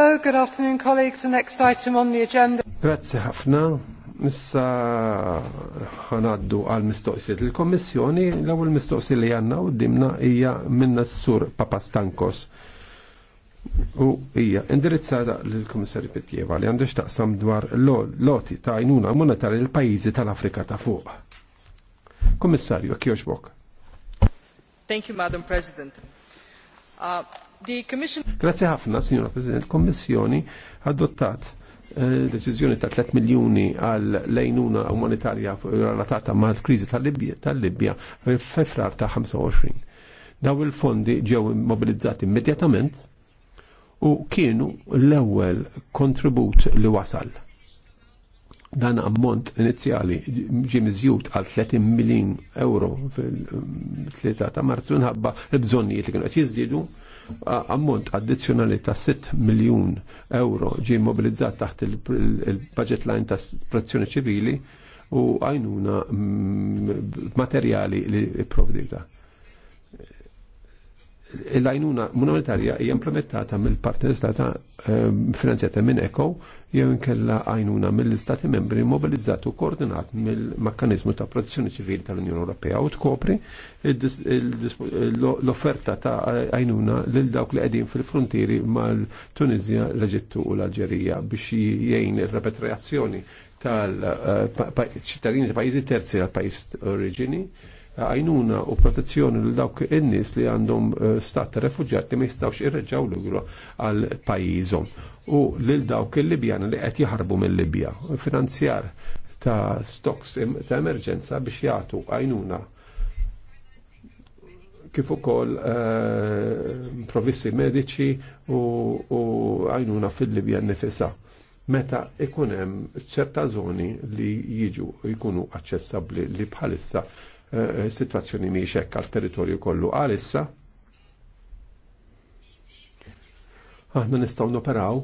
So, good afternoon, colleagues. The next item on the agenda. Grazie Hafna. Nissa ħanaddu għal mistoqsijiet il-Kommissjoni. L-ewwel mistoqsi li għandna dimna hija minna s-sur Papastankos. U hija indirizzata lill-Kummissarju Pitjeva li għandu x'taqsam dwar l loti ta' jnuna monetari l pajizi tal-Afrika ta' fuq. Kummissarju, kjoċbok. Thank you, Madam President. Uh, Grazie ħafna, Signora President. Kommissjoni adottat eh, deċiżjoni ta' 3 miljoni għal lejnuna umanitarja relatata ma' l-krizi tal-Libja f'Fefrar ta' 25. Daw il-fondi ġew mobilizzati immedjatament u kienu l-ewwel kontribut li wasal. Dan ammont inizjali ġie miżjud għal 30 miljun euro fil-3 ta' Marzu nħabba l-bżonnijiet li kienu qed jiżdiedu ammont addizzjonali ta' 6 miljun euro ġie mobilizzat taħt il-budget line ta' protezzjoni ċivili u għajnuna mm, materjali li provdita. L-għajnuna monumentarja hija implementata mill partner Stata ehm, finanzjata minn ECO jew inkella għajnuna mill-Istati membri mobilizzat u koordinat mill-mekkanizmu ta' protezzjoni ċivili tal-Unjoni Ewropea u tkopri l-offerta ta' għajnuna lil dawk li qegħdin fil-frontieri mal-Tunizja, l-Eġittu u l-Alġerija biex jgħin ir-repatriazzjoni tal-ċittadini eh, ta' pajjiżi terzi għal pajjiż oriġini għajnuna u protezzjoni l dawk in-nies li għandhom eh, stat ta' refugjati ma jistawx irreġgħu lura għal pajjiżhom u lil dawk il-Libjani li qed jaħarbu mill-Libja. Finanzjar ta' stocks ta' emerġenza biex jagħtu għajnuna kif ukoll eh, provvisti mediċi u għajnuna fil-Libja nifisa meta ikun hemm ċerta zoni li jiġu jkunu aċċessabbli li bħalissa Eh, eh, situazzjoni miexek hekk għal-territorju kollu għalissa. Aħna nistgħu noperaw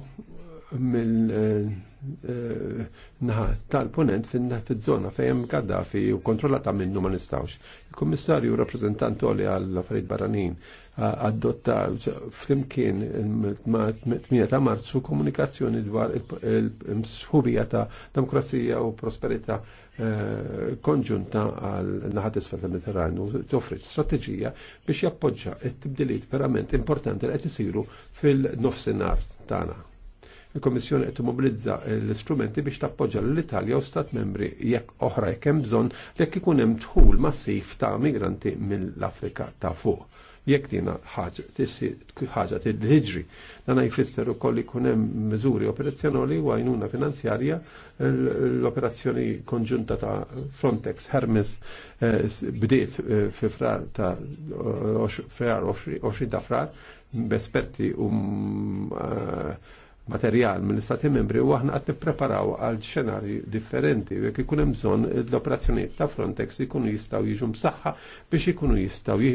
mill eh, naħ tal-ponent fil-zona fejem Gaddafi u kontrollata minnu ma nistawx. Il-Kommissarju rappresentant li għall affarijiet barranin adotta flimkien il-8 ta' marzu komunikazzjoni dwar il-msħubija ta' demokrazija u prosperita eh, konġunta għal naħatis fil mediterranju t toffri strateġija biex jappoġġa it-tibdiliet verament importanti li qed isiru fil-nofsinhar tagħna il-Komissjoni qed immobilizza l-istrumenti biex tappoġġa l-Italja u stat membri jekk oħra jekk hemm bżonn jekk ikun hemm dħul massiv ta' migranti mill-Afrika ta' fuq. Jekk dina ħaġa tissi ħaġa tidħiġri, dan jfisser ukoll ikun hemm miżuri operazzjonali u għajnuna finanzjarja l-operazzjoni konġunta ta' Frontex Hermes bdiet fi frar ta' frar 20 ta' frar b'esperti u materjal mill-istati membri u aħna qed nippreparaw għal xenarji differenti u jekk ikun hemm bżonn l operazzjoniet ta' Frontex ikunu jistgħu jiġu msaħħa biex ikunu jistgħu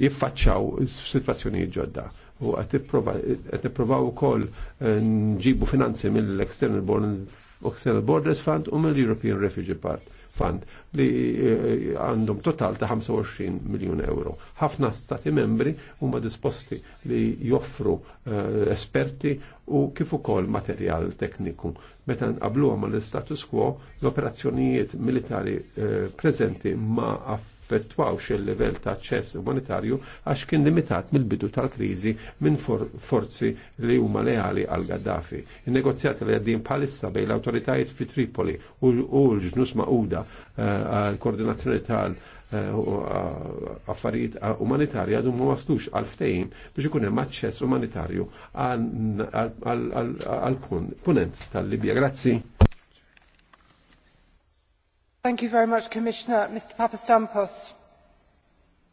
jiffaċċaw situazzjoni ġodda u qed nipprovaw ukoll eh, nġibu finanzi mill-External Borders Fund u mill-European Refugee Part fund li eh, għandhom total ta' 25 miljun euro. Ħafna stati membri huma disposti li joffru eh, esperti u kif ukoll materjal tekniku. Meta nqabluha mal-status quo, l-operazzjonijiet militari eh, preżenti ma' jaffettwawx il-livell ta' ċess umanitarju għax kien limitat mill-bidu tal-kriżi minn forzi li huma leali għal Gaddafi. Il-negozjati li għaddin bħalissa bejn l-autoritajiet fi Tripoli u l-ġnus maquda eh, għal-koordinazzjoni tal- eh, affarijiet eh, umanitarja għadhom ma waslux għal ftehim biex ikun hemm aċċess umanitarju għal punent tal-Libja. Grazzi. Thank you very much, Commissioner. Mr. Papastampos.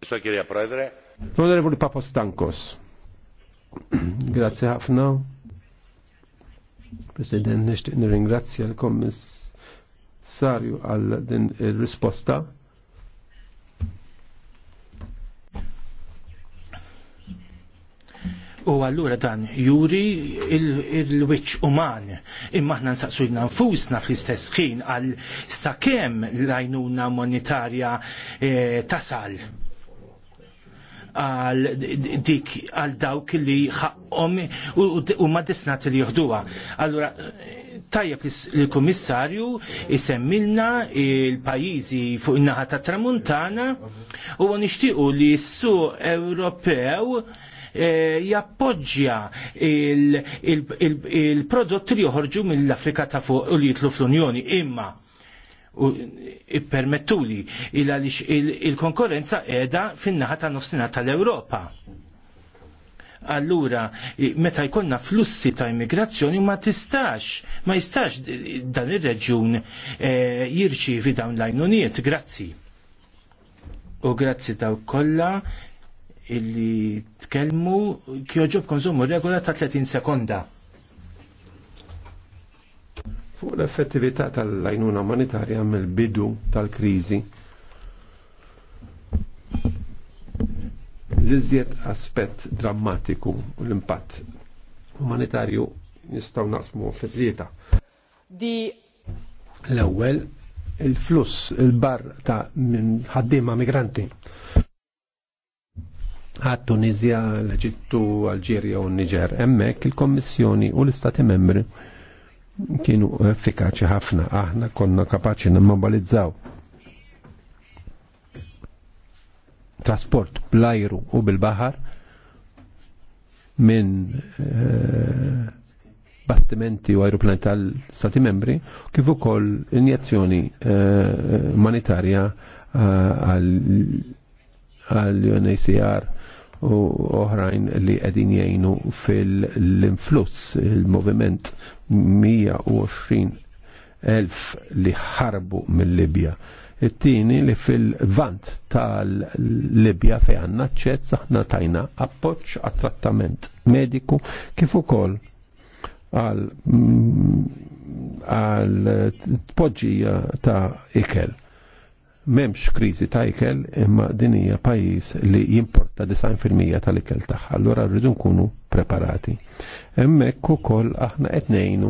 So, kirja Proedre. Onorevoli Papastankos. Grazie ħafna. President, nishtiq nirringrazzja l-Kommissarju għal din il-risposta. U allura dan juri il-wiċ uman. Imma ħna nsaqsu nfusna fl-istess ħin għal sakemm l-għajnuna monetarja eh, tasal għal dik għal dawk li xaqqom u ma desnat li jieħduha. Allura tajjeb l-komissarju isemmilna il-pajizi fuq in-naħa ta' tramuntana u nixtiequ li s-su Ewropew Eh, jappoġġja il-prodotti li joħorġu mill-Afrika ta' fuq u li jitlu fl-Unjoni. Imma permettuli il-konkurrenza qiegħda fin-naħa ta' nofsinha tal-Ewropa. Allura, meta jkollna flussi ta' immigrazzjoni ma tistax, ma jistax dan ir-reġjun eh, jirċievi dawn l ajnuniet grazzi. U grazzi daw kollha illi tkellmu kjoġob konsumu regola ta' 30 sekonda. Fuq l-effettività tal-lajnuna umanitarja mill-bidu tal-krizi, l-iżjed aspett drammatiku u l-impatt umanitarju nistaw naqsmu fit-tlieta. Di... L-ewwel il-fluss il-bar ta' minn ħaddiema migranti għad Tunizja, l-Eġittu, Alġirja u Niger. Emmek il-Kommissjoni u l-Istati membri kienu effikaċi ħafna, aħna konna kapaċi mobilizzaw trasport bl-ajru u bil-bahar minn eh, bastimenti u aeroplani tal-stati membri kif ukoll injezzjoni eh, umanitarja eh, għal eh, u oħrajn li qegħdin jgħinu fil-influss il-moviment 120 elf li ħarbu mill-Libja. It-tieni li fil-vant tal-Libja fej għandna ċezz aħna tajna appoġġ għat-trattament mediku kif ukoll għal mm, għal tpoġġija ta' ikel memx krizi ta' ikel imma din hija pajjiż li jimporta 90% tal-ikel tagħha. allora rridu nkunu preparati. Hemmhekk ukoll aħna qed ngħinu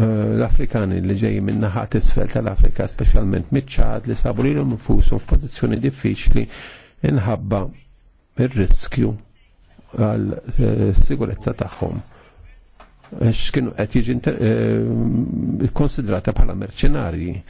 eh, l-Afrikani li ġej minn naħa isfel tal-Afrika, speċjalment miċ-ċad li sabu lilhom infushom f'pożizzjoni diffiċli inħabba il riskju għal eh, sigurezza tagħhom X'kienu qed jiġi eh, konsidrata bħala merċenarji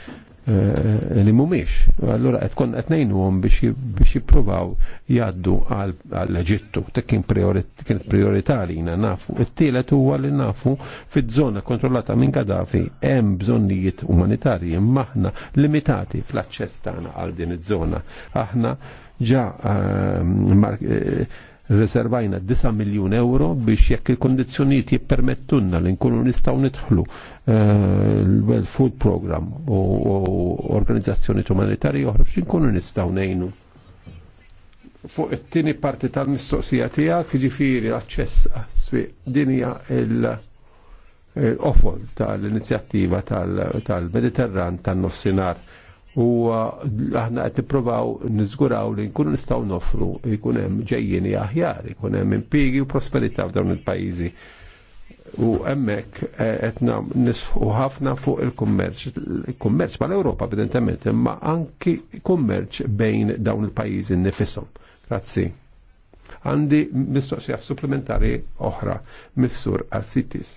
Eh, li mumiex. Allora qed konna qed ngħinuhom biex jippruvaw jgħaddu għall-Eġittu. Tekkin kien kienet jina nafu. It-tielet huwa li nafu fit żona kontrollata minn Gaddafi hemm bżonnijiet umanitarji maħna limitati fl-aċċess tagħna għal din iż-żona. Aħna ġa ehm, eh, reservajna 9 miljun euro biex jekk il-kondizjoniet jippermettunna li nkunu nistaw nidħlu eh, l-World Food Program u organizzazzjoni umanitarji oħra biex nkunu nistaw nejnu. Fuq it-tieni parti tal-mistoqsija tiegħek jiġifieri l-aċċess għas-swieq dinja il-ofol tal-inizjattiva tal-Mediterran tan-nofsinhar. tal mediterran tan nofsinhar u eh, aħna qed nippruvaw niżguraw li nkunu nistgħu nofru jkun hemm ġejjieni aħjar, jkun hemm impjiegi u prosperità f'dawn il-pajjiżi. U hemmhekk eh, qed nisħu ħafna fuq il-kummerċ, il-kummerċ mal-Ewropa evidentement, imma anki kummerċ bejn dawn il-pajjiżi nifisom. Grazzi. Għandi mistoqsija supplementari oħra, Missur Assitis.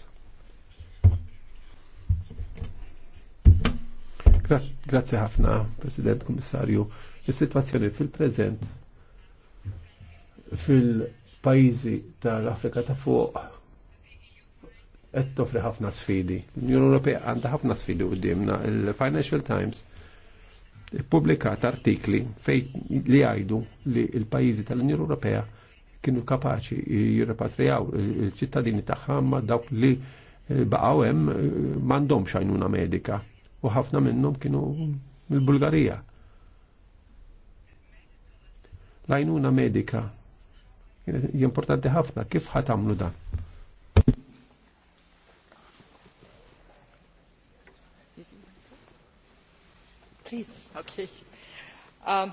Grazzi ħafna, President Komissarju. Is-sitwazzjoni fil-preżent fil-pajjiżi tal-Afrika ta' fuq qed toffri ħafna sfidi. L-Unjoni Ewropea għandha ħafna sfidi qudiemna. Il-Financial Times ippubblikat artikli fej li għajdu li l-pajjiżi tal-Unjoni Ewropea kienu kapaċi jirrepatrijaw il-ċittadini tagħhom ma dawk li baqgħu hemm eh, m'għandhomx għajnuna medika u ħafna minnum kienu mill-Bulgarija. Lajnuna medika kienet importanti ħafna kif ħatamlu dan. Please. Okay. Um,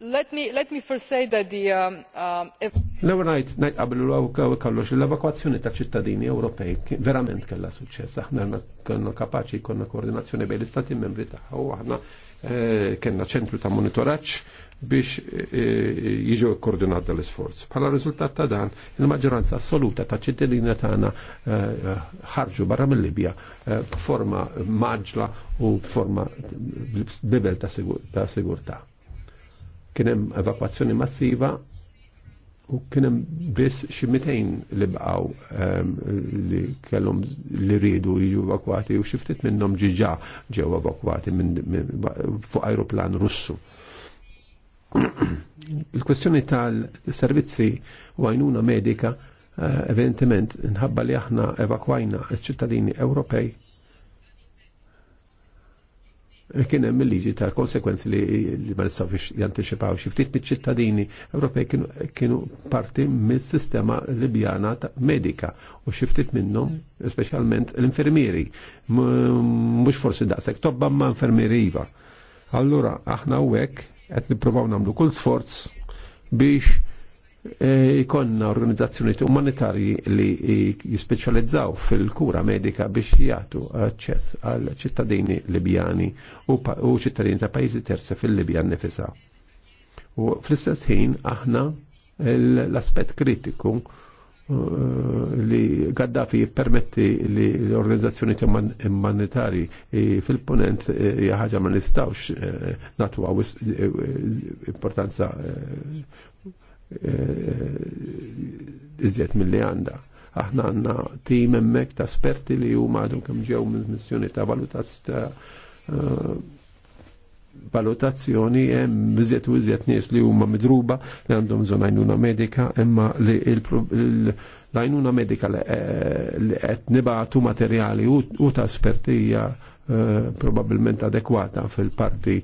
let me let me first say that the um, um, if L-ewwel ngħid ngħid qabel kollox l-evakwazzjoni ta' ċittadini Ewropej verament kellha suċċess. Aħna kellna kapaċi konna koordinazzjoni bejn l-istati membri tagħha u aħna eh, kellna ċentru ta' monitoraġġ biex eh, eh, jiġu koordinat dal-isforz. Bħala riżultat ta' dan, il-maġġoranza assoluta ta' ċittadini tagħna ħarġu barra mill-Libja b'forma maġla u b'forma bibel ta' sigurtà. Kien hemm evakwazzjoni massiva u kienem biss xi li bqaw ehm, li kellhom li ridu jiġu evakwati u xi ftit minnhom ġiġa ġew evakwati fuq ajruplan Russu. Il-kwestjoni tal-servizzi u għajnuna medika eh, evidentement nħabba li aħna evakwajna ċ-ċittadini Ewropej kien hemm il-liġi ta' konsekwenzi li, li ma nistgħux jantiċipaw xi ftit miċ-ċittadini Ewropej kienu parti mis-sistema Libjana ta' medika u xi ftit minnhom speċjalment l-infermieri mhux forsi daqshekk tobba ma' infermieri iva. Allura aħna hekk qed nippruvaw nagħmlu kull sforz biex E, ikonna organizzazzjoni umanitarji li jispeċjalizzaw fil-kura medika biex jagħtu aċċess għal ċittadini Libjani u ċittadini ta' pajjiżi terzi fil-Libja nifisa. U fl-istess ħin aħna l-aspett kritiku li Gaddafi jippermetti li l-organizzazzjoni umanitarji e, fil-ponent e, ħaġa ma nistawx natwa importanza iżjed mill-li għanda. Aħna għanna tim emmek ta' esperti li huma għadhom kem ġew minn missjoni ta' eh, valutazzjoni hemm iżjed u iżjed nies li huma midruba li għandhom bżonn għajnuna medika imma li l-għajnuna medika li eh, qed nibagħtu materjali u ta' espertija eh, probabbilment adekwata fil-parti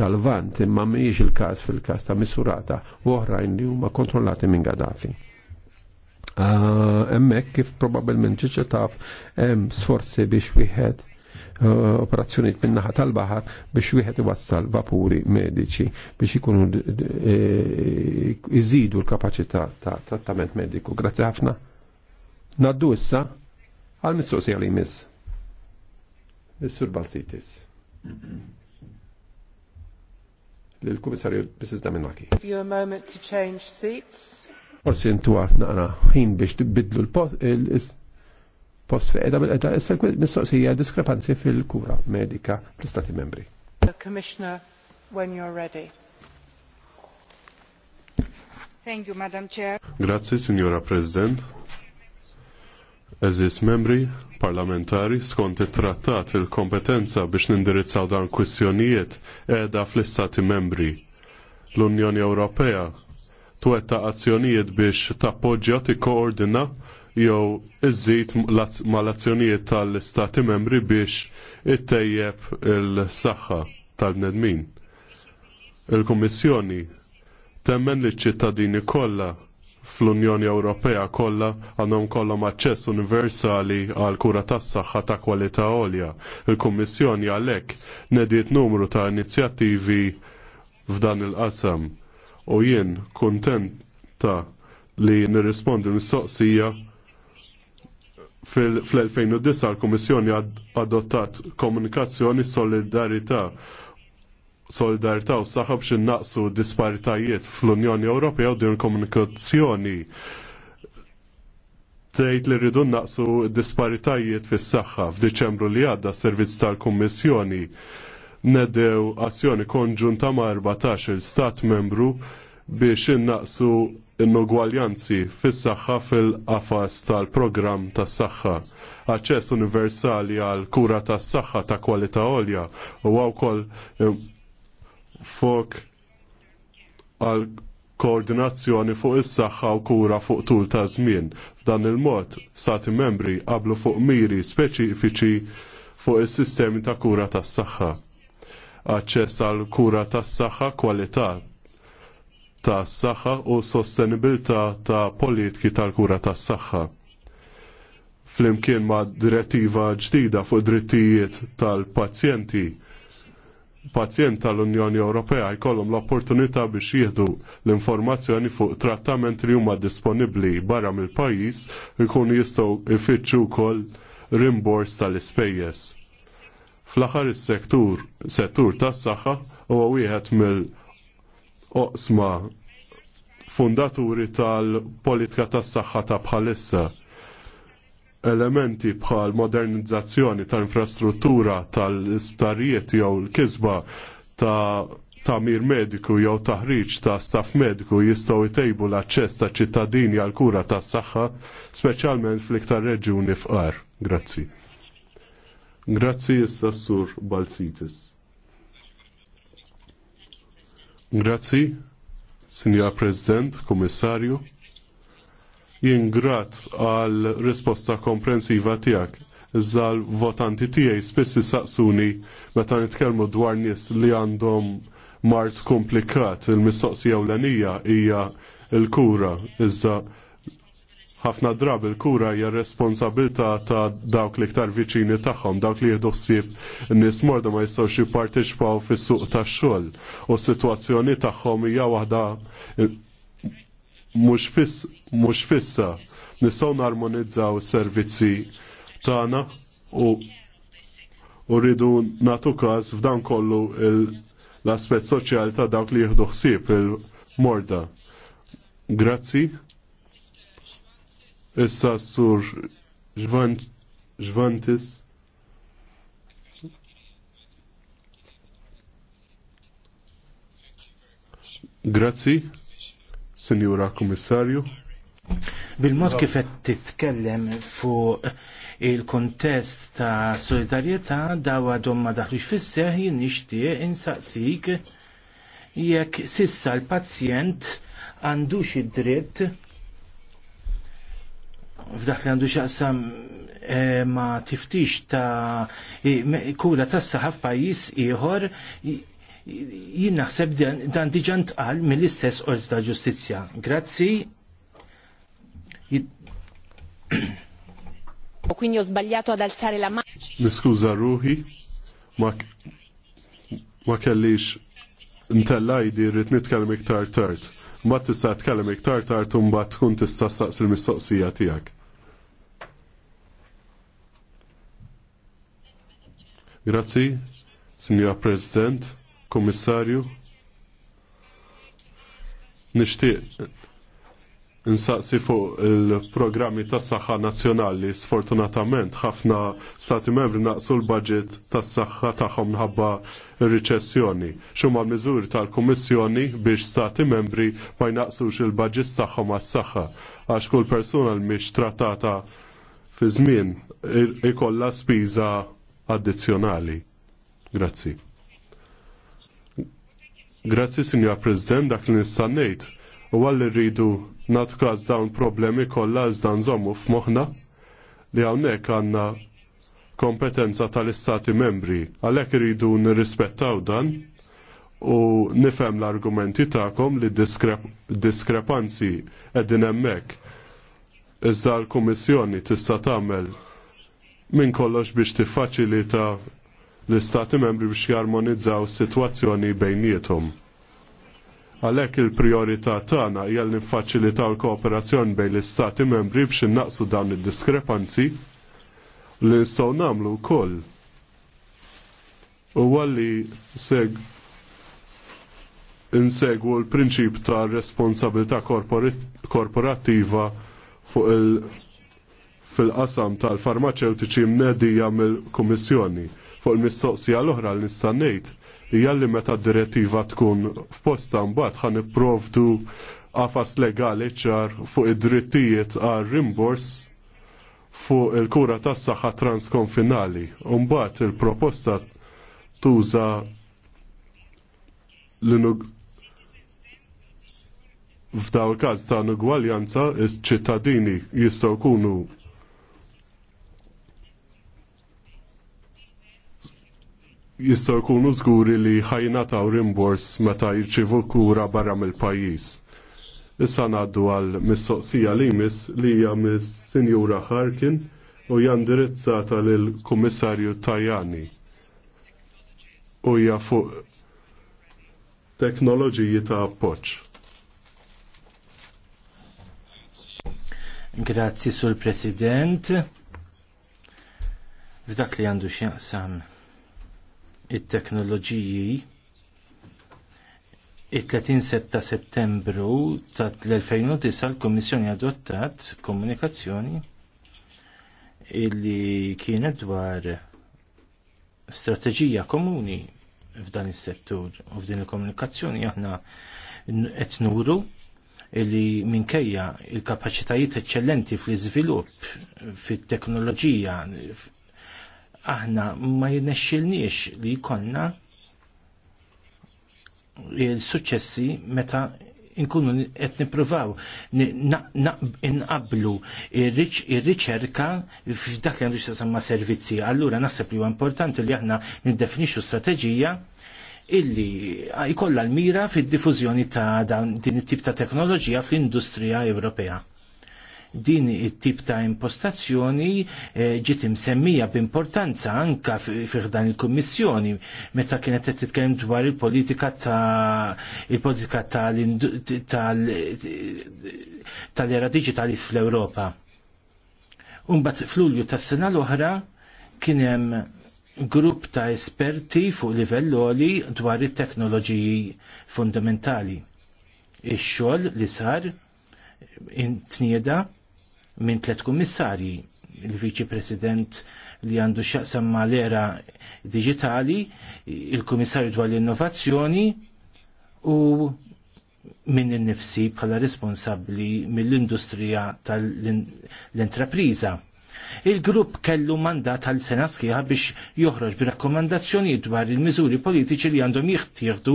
tal-Vant imma mhijiex il-każ fil-każ ta' Misurata u oħrajn li huma kontrollati minn Gaddafi. Ah, hemmhekk kif probabbilment ġiġa taf hemm sforzi biex wieħed eh, operazzjoniet minnaħa tal-bahar biex wieħed iwassal vapuri mediċi biex ikunu eh, iżidu l-kapaċità ta' trattament mediku. Grazzi ħafna. Naddu issa għal mistoqsija li jmiss. Is-Sur Balsitis l-Kummissarju Mrs. Daminaki. Give you a moment to change seats. Forsi intu naqra ħin biex tibidlu l-post feqda bil-qeda, issa mistoqsija diskrepanzi fil-kura medika fl-Stati membri. Commissioner, when you're ready. Thank you, Madam Chair. Grazie, Signora President. Eżis membri parlamentari skont it-trattat il-kompetenza biex nindirizzaw dan kwistjonijiet edha fl-istati membri. L-Unjoni Ewropea twetta azzjonijiet biex tappoġġja tikkoordina jew iżid mal-azzjonijiet tal-istati membri biex ittejjeb il-saħħa tal-nedmin. Il-Kummissjoni temmen li ċittadini kollha fl-Unjoni Ewropea kollha għandhom kollhom aċċess universali għal kura tas-saħħa ta' kwalità għolja. Il-Kummissjoni għalhekk nediet numru ta' inizjattivi f'dan il-qasam u jien kuntenta li nirrispondi mistoqsija fil-2009 l-Kummissjoni adottat komunikazzjoni solidarità solidarità u saħħa biex innaqsu disparitajiet fl-Unjoni Ewropea u din komunikazzjoni tgħid li rridu naqsu disparitajiet fis-saħħa f'Diċembru li għadda s-servizz tal-Kummissjoni nedew azzjoni konġunta ma' 14 il-Stat membru biex innaqsu in ugwaljanzi fis-saħħa fil-qafas tal-programm tas-saħħa aċċess universali għal kura tas saħħa ta' kwalità għolja u għawkoll eh, fok għal koordinazzjoni fuq is-saħħa u kura fuq tul ta' żmien. F'dan il-mod stati membri qablu fuq miri speċifiċi fuq is-sistemi ta' kura tas-saħħa. Aċċess għal kura tas-saħħa kwalità ta' saħħa saxħa u sostenibilta ta' politiki tal-kura ta' saħħa saxħa Flimkien ma' direttiva ġdida fuq drittijiet tal-pazjenti pazjent tal-Unjoni Ewropea jkollhom l-opportunità biex jieħdu l-informazzjoni fuq trattament li huma disponibbli barra mill-pajjiż ikunu jistgħu jfittxu wkoll rimbors tal-ispejjeż. Fl-aħħar is-settur settur tas-saħħa huwa wieħed mill-oqsma fundaturi tal-politika tas-saħħa ta' bħalissa elementi bħal modernizzazzjoni ta' infrastruttura tal-isptarijiet jew l-kisba ta' mir mediku jew taħriġ ta' staff mediku jistgħu jtejbu l-aċċess ta' ċittadini għal kura tas saħħa speċjalment fl-iktar reġjuni fqar. Grazzi. Grazzi issa sur Balsitis. Grazzi, Sinjor President, Kommissarju jingrat għal risposta komprensiva tijak. Zal votanti tijaj spessi saqsuni meta nitkellmu dwar nies li għandhom mart komplikat il-mistoqsija u l-anija hija il-kura. Iżda ħafna drab il-kura hija responsabilta ta' dawk li ktar viċini tagħhom, dawk li jieħdu ħsieb nies morda ma jistgħux jipparteċipaw fis-suq tax-xogħol u s-sitwazzjoni tagħhom hija waħda mhux fiss, mhux fissa nistgħu narmonizzaw is-servizzi tagħna u u rridu nagħtu każ f'dan kollu l-aspett soċjali ta' dawk li jieħdu ħsieb il-morda. Grazzi. Issa sur ġvantis. Grazzi. Sinjura Kummissarju. Bil-mod kif qed titkellem fuq il-kontest ta' solidarjetà daw għadhom ma daħlux fis-seħ jien nixtieq insaqsik jekk sissa l-pazjent għandux id-dritt f'dak li għandu xaqsam eh, ma tiftix ta' kura tas saħaf pajis ieħor jien naħseb dan diġà ntqal mill-istess qorti ta' ġustizzja. Grazzi. Quindi ho sbagliato ad alzare la mano. Niskuża ruħi, ma kellix ntellajdi rrit nitkellem iktar tard. Ma tista' tkellem iktar tard u mbagħad tkun tista' staqs il-mistoqsija tiegħek. Grazzi, Signora President. Kommissarju? nixtieq insaqsi fuq il-programmi tas saħħa nazzjonali. Sfortunatament, ħafna stati membri naqsu l-budget tas saħħa tagħhom minħabba riċessjoni Xumma miżuri tal-Kummissjoni biex stati membri ma jnaqsux il-budget tagħhom għas-saħħa għax kull persuna l mhix trattata fi żmien ikollha spiża addizzjonali. Grazzi. Grazzi, Sinjor President, dak li nistannejt. U għalli rridu natku dawn problemi kollha iżda nżommu f'moħħna li hawnhekk għandna kompetenza tal-istati membri. Għalhekk irridu nirrispettaw dan u nifhem l-argumenti tagħkom li diskrep diskrepanzi qegħdin hemmhekk. Iżda l-Kummissjoni tista' tagħmel minn kollox biex tiffaċilita l-istati membri biex jarmonizzaw situazzjoni bejnietom. Għalek il-priorità tagħna hija li l-kooperazzjoni bejn l-istati membri biex innaqsu dawn id-diskrepanzi li nistgħu nagħmlu wkoll. U għalli seg insegwu l-prinċip ta' responsabilità korporattiva fuq il fil-qasam tal-farmaceutiċi mnedija mill-Kummissjoni fuq il-mistoqsija l-oħra li s ngħid hija li meta d-direttiva tkun f'posta mbagħad ħan nipprovdu qafas legali ċar fuq id-drittijiet għal rimbors fuq il-kura tas saħħa transkonfinali. mbagħad il-proposta tuża l f'daw il-każ ta' nugwaljanza, iċ-ċittadini jistgħu jkunu jistaw jkunu żguri li ħajnataw rimbors meta jirċivu kura barra mill-pajjiż. Issa ngħaddu għal mistoqsija li jmiss li hija mis-Sinjura Harkin u hija indirizzata lill kummissarju Tajani u hija fuq teknoloġiji ta' appoġġ. Grazzi sul President. F'dak li għandu x'jaqsam it-teknoloġiji it-30 ta' settembru ta' l-2009 l-Kommissjoni adottat komunikazzjoni illi kienet dwar strateġija komuni f'dan is-settur u f'din il-komunikazzjoni aħna qed nuru li minkejja il-kapaċitajiet eċċellenti fl-iżvilupp fit-teknoloġija aħna ma jirnexxilniex li jkollna il-suċessi meta nkunu qed nippruvaw inqablu ir-riċerka f'dak li għandu x'tasemma servizzi. Allura naħseb li huwa importanti li aħna niddefinixxu strateġija illi jkollha l-mira fid-diffużjoni ta' din it-tip ta' teknoloġija fl-industrija Ewropea din it-tip ta' impostazzjoni eh, ġiet imsemmija b'importanza anka fiħdan il-Kummissjoni meta kienet qed titkellem dwar il-politika ta' il-politika tal-era diġitali fl-Ewropa. Umbat fl-Ulju tas-sena l-oħra kien hemm grupp ta' esperti fuq livell oli dwar it-teknoloġiji fundamentali. Ix-xogħol li sar intnieda minn tliet kummissarji il-Viċi President li għandu xaqsam ma l-era digitali, il kummissarju dwar l-Innovazzjoni u minn il-nifsi bħala responsabli mill-industrija tal-intrapriza il-grupp kellu mandat għal sena sħiħa biex joħroġ bi rakkomandazzjoni dwar il-miżuri politiċi li għandhom jiħtieħdu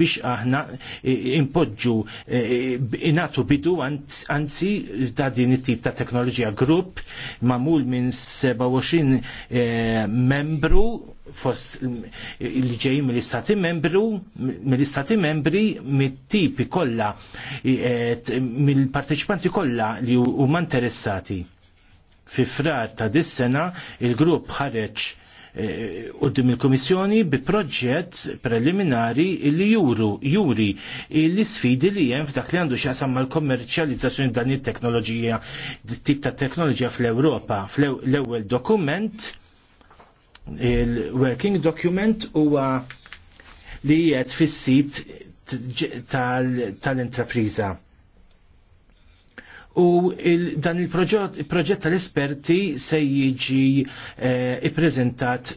biex aħna e, impoġġu e, e, inatu bidu anzi ta' din it-tip ta' teknoloġija grupp mamul minn 27 membru fost li ġej mill-istati membru mill-istati membri mit-tipi kollha mill-parteċipanti kollha li huma interessati Fi frar ta' dis-sena il-grupp ħareġ eh, qoddim il-Komissjoni bi proġett preliminari li juru, juri l-sfidi li jem f'dak li għandu xasam mal kommerċjalizzazzjoni dan it-teknoloġija, tip ta' teknoloġija fl-Europa. L-ewwel dokument, il-working document huwa li jgħed fis-sit tal-intrapriża u il dan il-proġett tal-esperti se jiġi eh, ippreżentat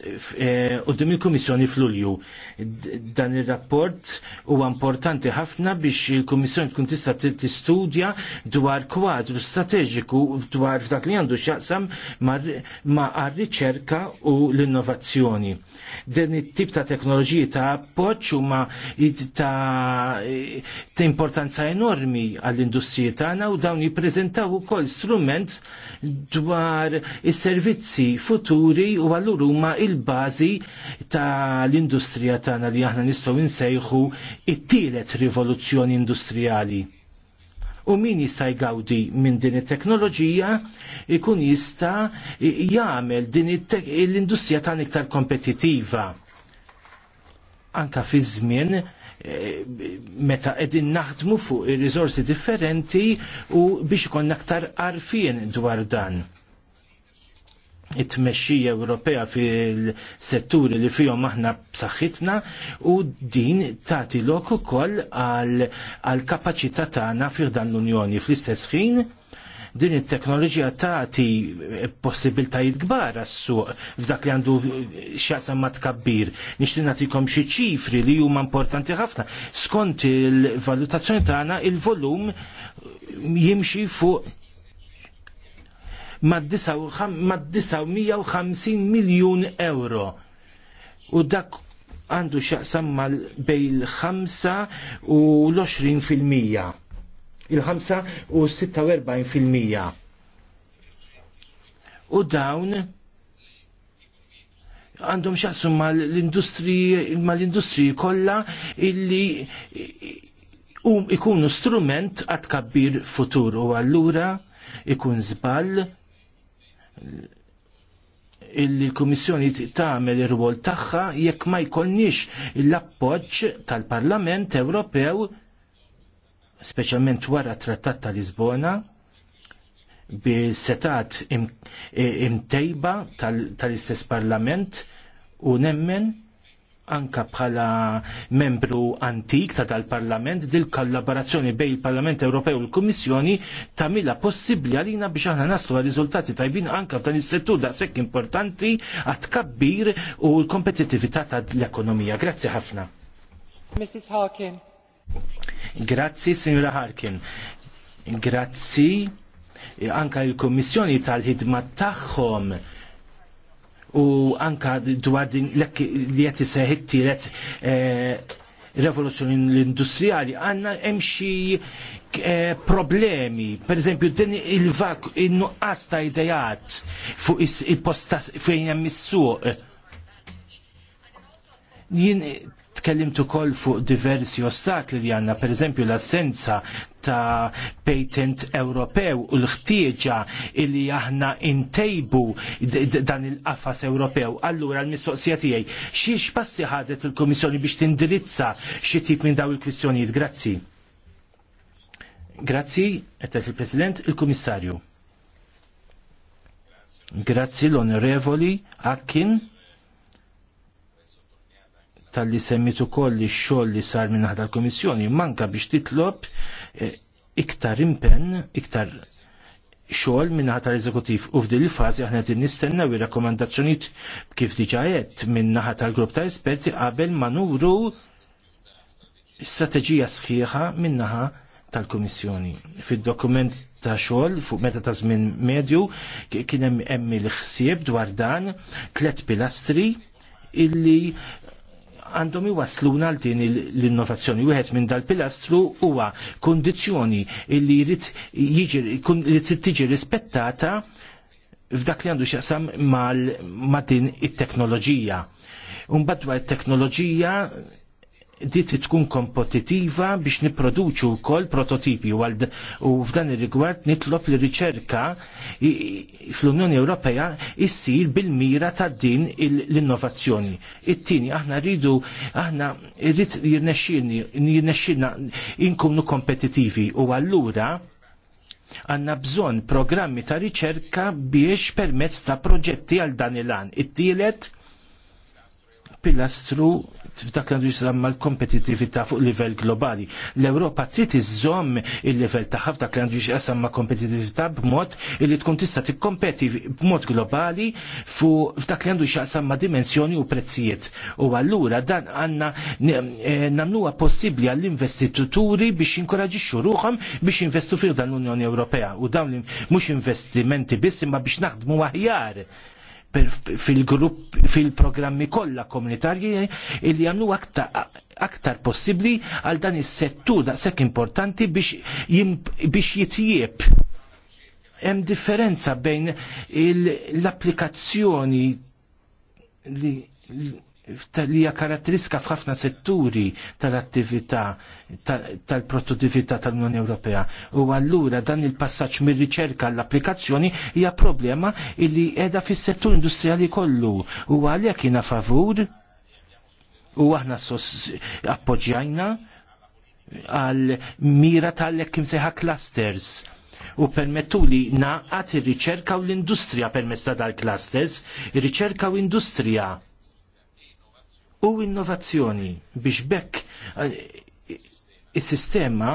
qudiem eh, il-Kummissjoni f'Lulju. Dan ir-rapport huwa importanti ħafna biex il-Kummissjoni tkun tista' tistudja dwar kwadru strateġiku dwar dak li għandu x'jaqsam ma' għar-riċerka u l-innovazzjoni. Dan it-tip ta' teknoloġiji ta' appoġġ huma eh, ta' importanza enormi għall-industriji tagħna u dawn jippreżentaw jippreżentaw ukoll strument dwar is-servizzi futuri u allura huma il-bażi tal-industrija tagħna li aħna nistgħu nsejħu it-tielet rivoluzzjoni industrijali. U min jista' jgawdi minn din it-teknoloġija ikun jista' jagħmel din l-industrija tagħna iktar kompetittiva anka fi żmien Eh, meta edin naħdmu fuq risorsi differenti u biex konna aktar arfien dwar dan it-tmexxija Ewropea fil-setturi li fihom aħna b'saħħitna u din tagħti lok ukoll għall kapaċità tagħna fih dan l-Unjoni fl-istess ħin din it-teknoloġija tagħti possibiltajiet kbar għas-suq f'dak li għandu x'jaqsam ma tkabbir. Nixtieq nagħtikom xi ċifri li huma importanti ħafna. Skont il-valutazzjoni tagħna il-volum jimxi fuq mad 950 miljun euro. U dak għandu xaqsam mal bejn 5 u l-20 fil-mija il-5 u 46%. U dawn għandhom xaqsum mal-industri kollha illi ikunu strument għad kabbir futur u allura ikun zbal illi l-Kummissjoni tagħmel ir-rwol tagħha jekk ma jkollniex l-appoġġ tal-Parlament Ewropew speċjalment wara trattat ta' Lisbona, bi setat e, imtejba tal-istess parlament u nemmen anka bħala membru antik ta' tal-Parlament dil kollaborazzjoni bejn il-Parlament Ewropew u l ta' mila possibbli għalina biex aħna naslu għal riżultati tajbin anka f'dan is-settur daqshekk importanti għat kabbir u l-kompetittività tal-ekonomija. Grazzi ħafna. Mrs. Hawking. Grazzi, Signora Harkin. Grazzi anka il-Kommissjoni tal-ħidma tagħhom u anka dwar din li qed iseħħ tielet eh, revoluzzjoni l-industrijali għanna hemm xi eh, problemi, per eżempju din il-vak in-nuqqas ta' idejat fuq il-posta fejn hemm is-suq Tkellimt ukoll fuq diversi ostakli li għandna, pereżempju l-assenza ta' patent Ewropew u l-ħtieġa li aħna intejbu dan il-qafas Ewropew. Allura l-mistoqsija tiegħi xiex passi ħadet il-Kummissjoni biex tindirizza xi tip minn daw il-kwistjonijiet. Grazzi. Grazzi, għetet il-President, il-Kummissarju. Grazzi l-Onorevoli Akin tal-li semmitu koll xoll li sar minn ħadha l-Komissjoni manka biex titlob eh, iktar impenn, iktar xogħol minn naħa tal-Eżekutiv u f'din il-fażi aħna qed nistenna ir-rakkomandazzjonijiet kif diġà qed minn naħa tal-grupp ta' esperti qabel ma nuru strateġija sħiħa minn naħa tal komissjoni Fid-dokument ta' xogħol fuq meta ta' żmien medju kien hemm hemm il-ħsieb dwar dan tliet pilastri illi għandhom iwasluna għal din l-innovazzjoni. Wieħed minn dal-pilastru huwa kundizzjoni li jrid jiġi tiġi rispettata f'dak li għandu x'jaqsam ma' din it-teknoloġija. Unbadwa t teknoloġija dit tkun kompetitiva biex niproduċu wkoll prototipi u f'dan ir-rigward nitlob li riċerka fl-Unjoni Ewropea issir bil-mira ta' din l-innovazzjoni. It-tieni aħna rridu aħna rrid jirnexxilna inkunu kompetitivi u allura għanna bżon programmi ta' riċerka biex permezz ta' proġetti għal dan il għan It-tielet pilastru dak għandu jisamma l-kompetitività fuq livell globali. L-Ewropa trid iżżomm il-livell tagħha f'dak li għandu jisamma kompetitività b'mod li tkun tista' tikkompeti b'mod globali f'dak li għandu jisamma dimensjoni u prezzijiet. U allura dan għandna eh, nagħmluha possibbli għall-investituri biex jinkoraġixxu ruħhom biex investu fil dan l-Unjoni Ewropea u dawn mhux investimenti biss imma biex naħdmu aħjar fil-grupp fil-programmi kollha komunitarji li jagħmlu aktar aktar possibbli għal dan is-settur daqshekk importanti biex biex jitjieb. Hemm differenza bejn l-applikazzjoni li li hija karatteristika f'ħafna setturi tal-attività tal-produttività tal-Unjoni Ewropea. U allura dan il-passaġġ mir-riċerka l-applikazzjoni hija problema li qiegħda fis-settur industrijali kollu. U għalhekk jiena favur u aħna appoġġjajna għal mira tal kim imsejħa clusters u permettu li naqat ir-riċerka u l-industrija permezz ta' dal-clusters, ir-riċerka u industrija u innovazzjoni biex bekk eh, is-sistema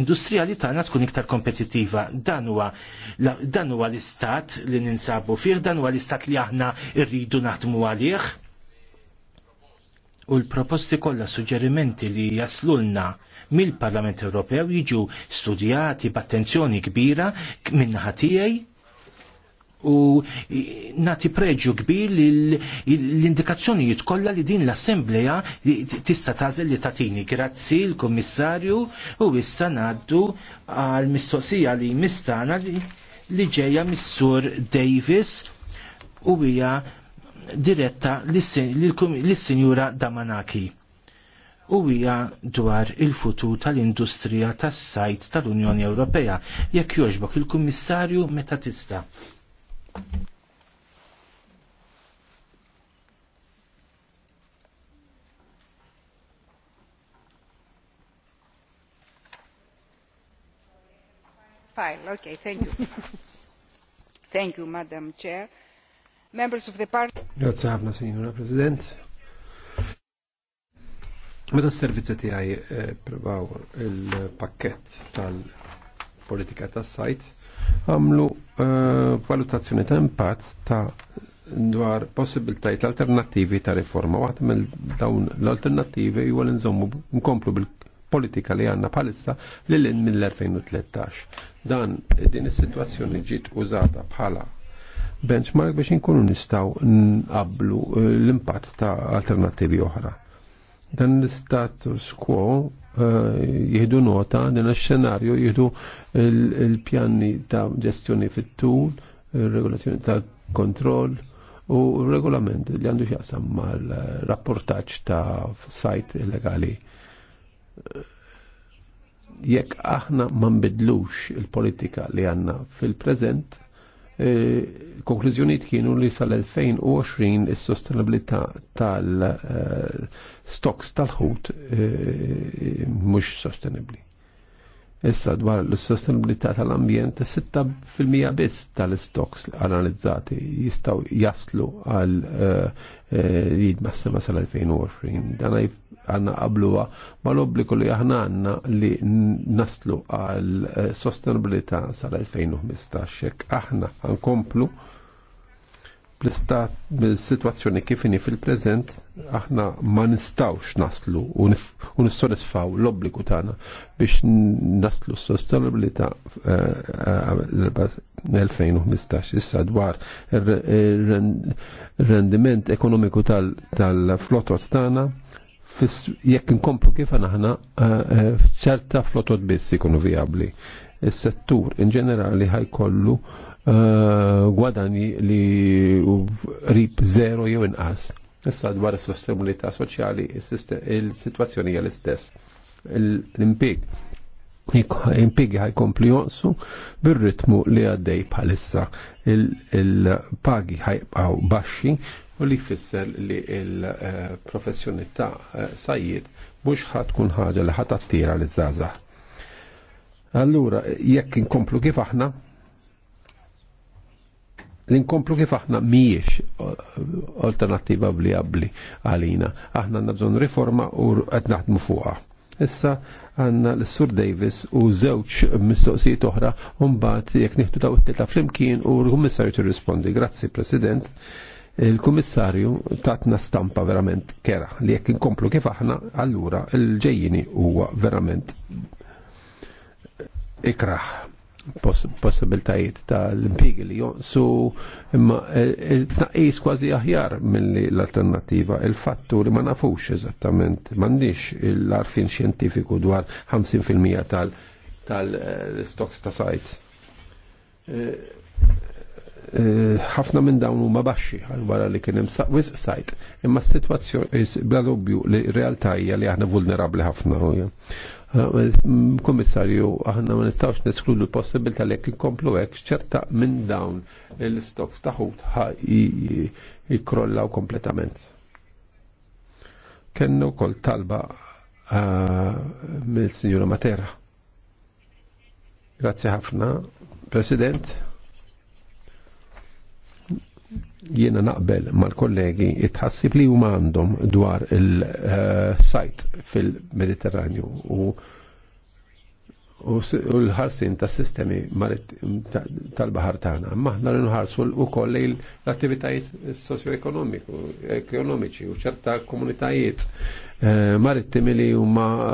industrijali tagħna tkun iktar kompetittiva. Dan huwa dan huwa l-istat li ninsabu fih, dan huwa l-istat li aħna rridu naħdmu għalih. U l-proposti kollha suġġerimenti li jaslulna mill-Parlament Ewropew jiġu studjati b'attenzjoni kbira minn tiegħi u nati preġu kbir l-indikazzjonijiet kollha li din l-assembleja tista' tażel li tatini. Grazzi l-Kummissarju u issa ngħaddu għal mistoqsija li mistana li ġejja Missur Davis u hija diretta lis-Sinjura Damanaki u hija dwar il-futur tal-industrija tas-sajt tal-Unjoni Ewropea jekk jogħġbok il-Kummissarju meta tista' file. Okay, thank you. thank you, Madam Chair. Members of the Parliament. Meta s-servizzi tiegħi eh, provaw il-pakkett tal-politika tas-sajt, għamlu eh, valutazzjoni ta' impatt ta' dwar possibiltajiet alternativi ta' riforma. Waħt mill dawn l-alternativi huwa l nżommu nkomplu bil-politika li għanna palissa li l mill-2013. Dan din is-sitwazzjoni ġiet użata bħala benchmark biex inkunu nistaw nqablu eh, l-impatt ta' alternativi oħra. Dan l-status quo Eh, jihdu nota din xenarju jihdu il-pjanni ta' ġestjoni fit-tul, regolazzjoni ta' kontroll u regolament li għandu xjaqsam mal-rapportaċ ta' sajt illegali jekk aħna ma nbidlux il-politika li għanna fil-prezent, E, konklużjoniet kienu li sal-2020 is sostenabilità tal-stocks e, tal-ħut e, mhux sostenibbli. Issa dwar l-sostenibilità tal-ambjent, 6% biss tal-istoks analizzati jistaw jaslu għal jid eh, eh, massima sal-2020. Dan għanna qabluwa ma l-obbligu li aħna għanna li naslu għal eh, sostenibilità sal-2015. Aħna għankomplu komplu bil-situazzjoni kifini fil-prezent aħna ma nistawx naslu u nissodisfaw l-obbligu tagħna biex naslu s-sostenibilità 2015 eh, eh, issa dwar ir-rendiment ekonomiku tal-flotot tagħna jekk inkomplu kif aħna eh, ċerta flotot biss ikunu viabli. Is-settur in ġenerali ħajkollu kollu Eh, gwadani li rib zero jew inqas. Issa dwar is-sostenibilità soċjali il-sitwazzjoni hija l-istess. L-impjeg impjegi ħajkompli jonqsu bir-ritmu li għaddej bħalissa. Il-pagi ħajbqgħu baxxi u li jfisser li il-professjonità eh, sajjiet mhux ħatkun ħaġa li ħatattira attira żgħażagħ Allura jekk inkomplu kif aħna l-inkomplu kif aħna miex uh, alternativa vlijabli għalina. Aħna għanna bżon riforma u għed naħdmu fuqa. Issa għanna l-Sur Davis u zewċ mistoqsijiet oħra un-bat jek nieħdu daw it flimkien u l-Kummissarju tirrispondi. Grazzi, President il-kummissarju tatna stampa verament kera li jekk inkomplu kif aħna allura l ġejjini huwa verament ikraħ possibiltajiet tal-impigi li jonsu imma il e, e, taqis kważi aħjar mill-li l-alternativa il-fattu li ma nafux eżattament mandiċ l-arfin xjentifiku dwar 50% tal-stocks ta' sajt e, ħafna minn dawn huma baxxi għal li kien hemm wisq sajt imma s-sitwazzjoni bla dubju li realtà hija li aħna vulnerabbli ħafna Komissarju, aħna ma nistawx neskludu l-possibil tal-ek inkomplu hekk ċerta minn dawn l-istoks taħut jikrollaw kompletament. Kennu kol talba eh, mill-Sinjura Matera. Grazie ħafna, President jiena naqbel mal-kollegi itħassib li huma għandhom dwar il-sajt fil-Mediterranju u u l-ħarsin ta' sistemi tal-bahar tagħna. Maħna nħarsu wkoll l-attivitajiet socio-ekonomiċi u ċerta komunitajiet eh, marittimi li huma eh,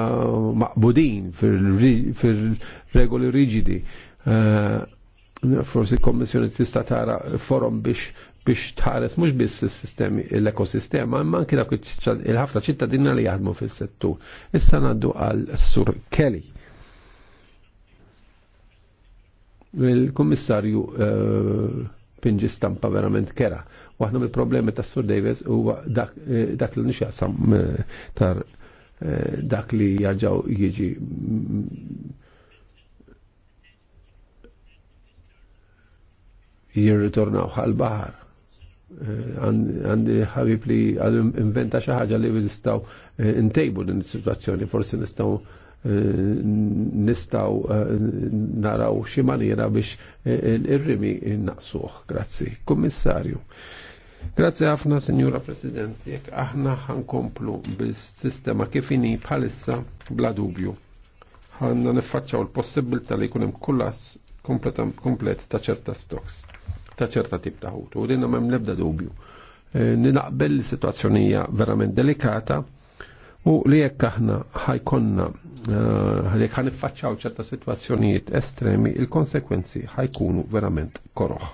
maqbudin fil-regoli riġidi eh, forsi kommissjoni tista' tara forum biex biex tħares mhux biss is-sistemi l-ekosistema, imma anke dak il-ħafna ċittadina li jaħdmu fis-settur. Issa ngħaddu għal Sur Kelly. Il-Kummissarju eh, pinġi stampa verament kera. Waħna mill-problemi ta' Sur Davis huwa dak eh, li nixjaqsam eh, tar dak li jarġaw jiġi mm, jirritornaw għal-bahar għandi ħabib li għadu inventa xaħġa li nistgħu intejbu eh, din situazzjoni forsi nistaw eh, nistaw eh, naraw xi maniera biex ir-rimi naqsuh. Grazzi. Kummissarju. Grazzi ħafna, Signora President, jekk aħna ħankomplu bil-sistema kif inhi bħalissa bla dubju. Ħanna niffaċċaw l possibilità li jkun hemm kullha komplet ta' ċerta stocks ta' ċerta tip ta' ħut. U dinna mem lebda dubju. E, ninaqbel situazzjonija verament delikata u li jekk aħna ħajkonna e, jekk ħaniffaċċaw ċerta situazzjonijiet estremi, il-konsekwenzi ħajkunu verament koroħ.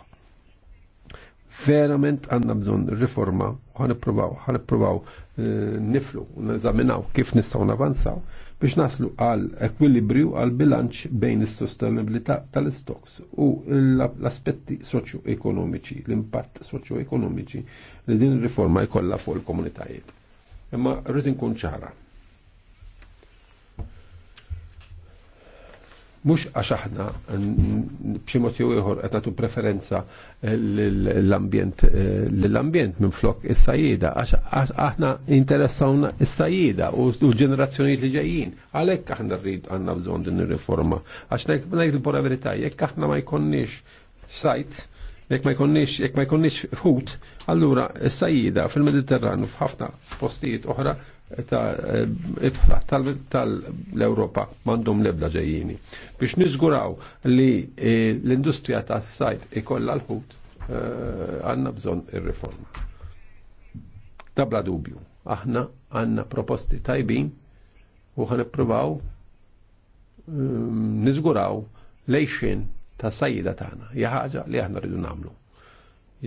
Verament għandna bżon riforma u ħan ippruvaw e, niflu, nizaminaw kif nistgħu navanzaw biex naslu għal ekwilibrju għal bilanċ bejn is-sostenibilità tal-istoks u l-aspetti soċjo-ekonomiċi, l-impatt soċjo-ekonomiċi li din ir-riforma jkollha fuq il-komunitajiet. Imma rrid inkun ċara Mux għax aħna b'ximot jew ieħor qed preferenza eh, l-ambjent eh, l-ambjent minn flok is-sajjieda għax aħna interessawna is sajida u l-ġenerazzjonijiet li ġejjin. Għalhekk aħna rrid għandna bżonn din ir-riforma. Għax ngħid il-pura verità, jekk aħna ma jkollniex sajt jekk ma jkonniex jekk ma jkonniex fħut, allura s-sajjida fil-Mediterran f'ħafna postijiet oħra Eh, tal-Europa mandum lebda ġejjini. Biex nizguraw li eh, l-industrija ta' sajt ikolla l-ħut, eh, għanna bżon il-reforma. Tabla dubju, aħna għanna proposti tajbin u għan provaw nizguraw lejxin ta' sajida tagħna, hija ħaġa li aħna rridu nagħmlu.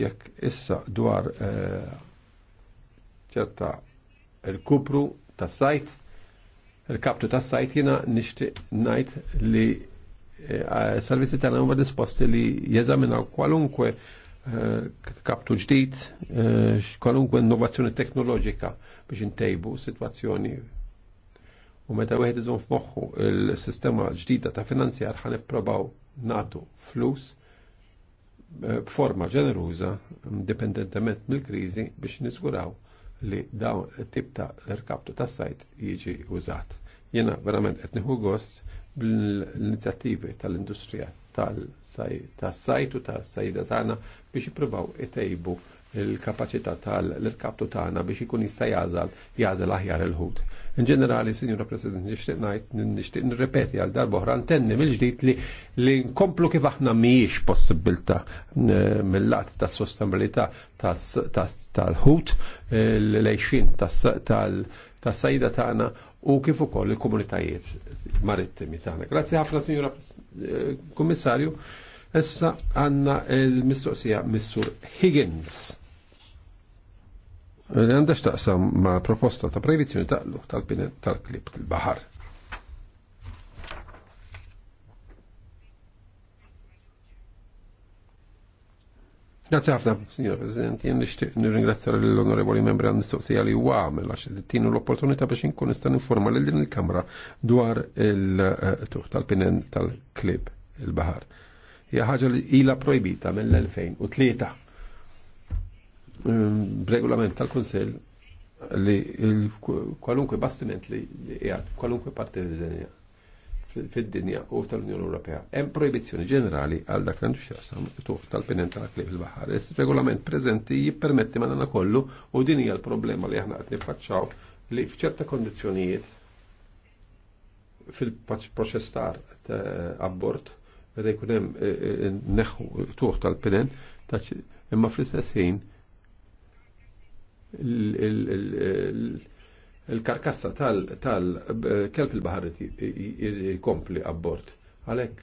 Jekk issa dwar ċerta il-kupru ta' sajt il-kaptu ta' sajt jina nixtieq ngħid li eh, servizi tagħna huma disposti li jeżaminaw kwalunkwe eh, kaptu ġdid, eh, kwalunkwe innovazzjoni teknoloġika biex intejbu situazzjoni. U meta wieħed iżon f'moħħu il-sistema ġdida ta' finanzjar ħan ipprobaw natu flus b'forma ġeneruża indipendentement mill-kriżi biex niżguraw li daw tip ta' l erkaptu ta' sajt jiġi użat. Jena verament etniħu gost bl-inizjattivi tal-industrija tal-sajt u tal-sajda tagħna biex jippruvaw itejbu il-kapacità tal-irkabtu tagħna biex ikun jista' jażal jażel aħjar il-ħut. In ġenerali, Sinjura President, nixtieq ngħid nixtieq nirrepeti għal darba oħra ntenni mill-ġdid li li nkomplu kif aħna mhijiex possibilità eh, mill-lat tas-sostenibilità tal-ħut eh, l-lejxin tas-sajda tagħna u kif ukoll il-komunitajiet marittimi tagħna. Grazzi ħafna, Sinjura eh, Kummissarju. Issa għanna il-mistoqsija Mr. Higgins għandax taqsam ma' proposta ta' proibizjoni luk tal-klib tal tal-bahar. Grazie ħafna, signor President, jen nishtiq nirringrazzja l-onorevoli membri għal nistoqsija li huwa għamel għax tinu l-opportunità biex inkun nista' informa lil din il-Kamra dwar il-tuħ tal-pinen tal-klib il-bahar. Jaħħaġa ħaġa li ilha projbita mill-2003 Eh, regolament tal-Kunsell li kwalunkwe bastiment li jgħad kwalunkwe parte fid-dinja fil dinja u tal-Unjoni Ewropea. Hemm proibizzjoni ġenerali għal dak l xjaqsam tal-pinent tal-klib il-baħar. Regolament preżenti jippermetti ma nagħna kollu u din hija l-problema li aħna qed niffaċċaw li f'ċerta kondizzjonijiet fil-proċess tar abbord meta jkun hemm eh, eh, neħħu tuħ tal-pinent imma fl-istess ħin il-karkassa tal kelp il-bahar jikompli abbord. Għalek,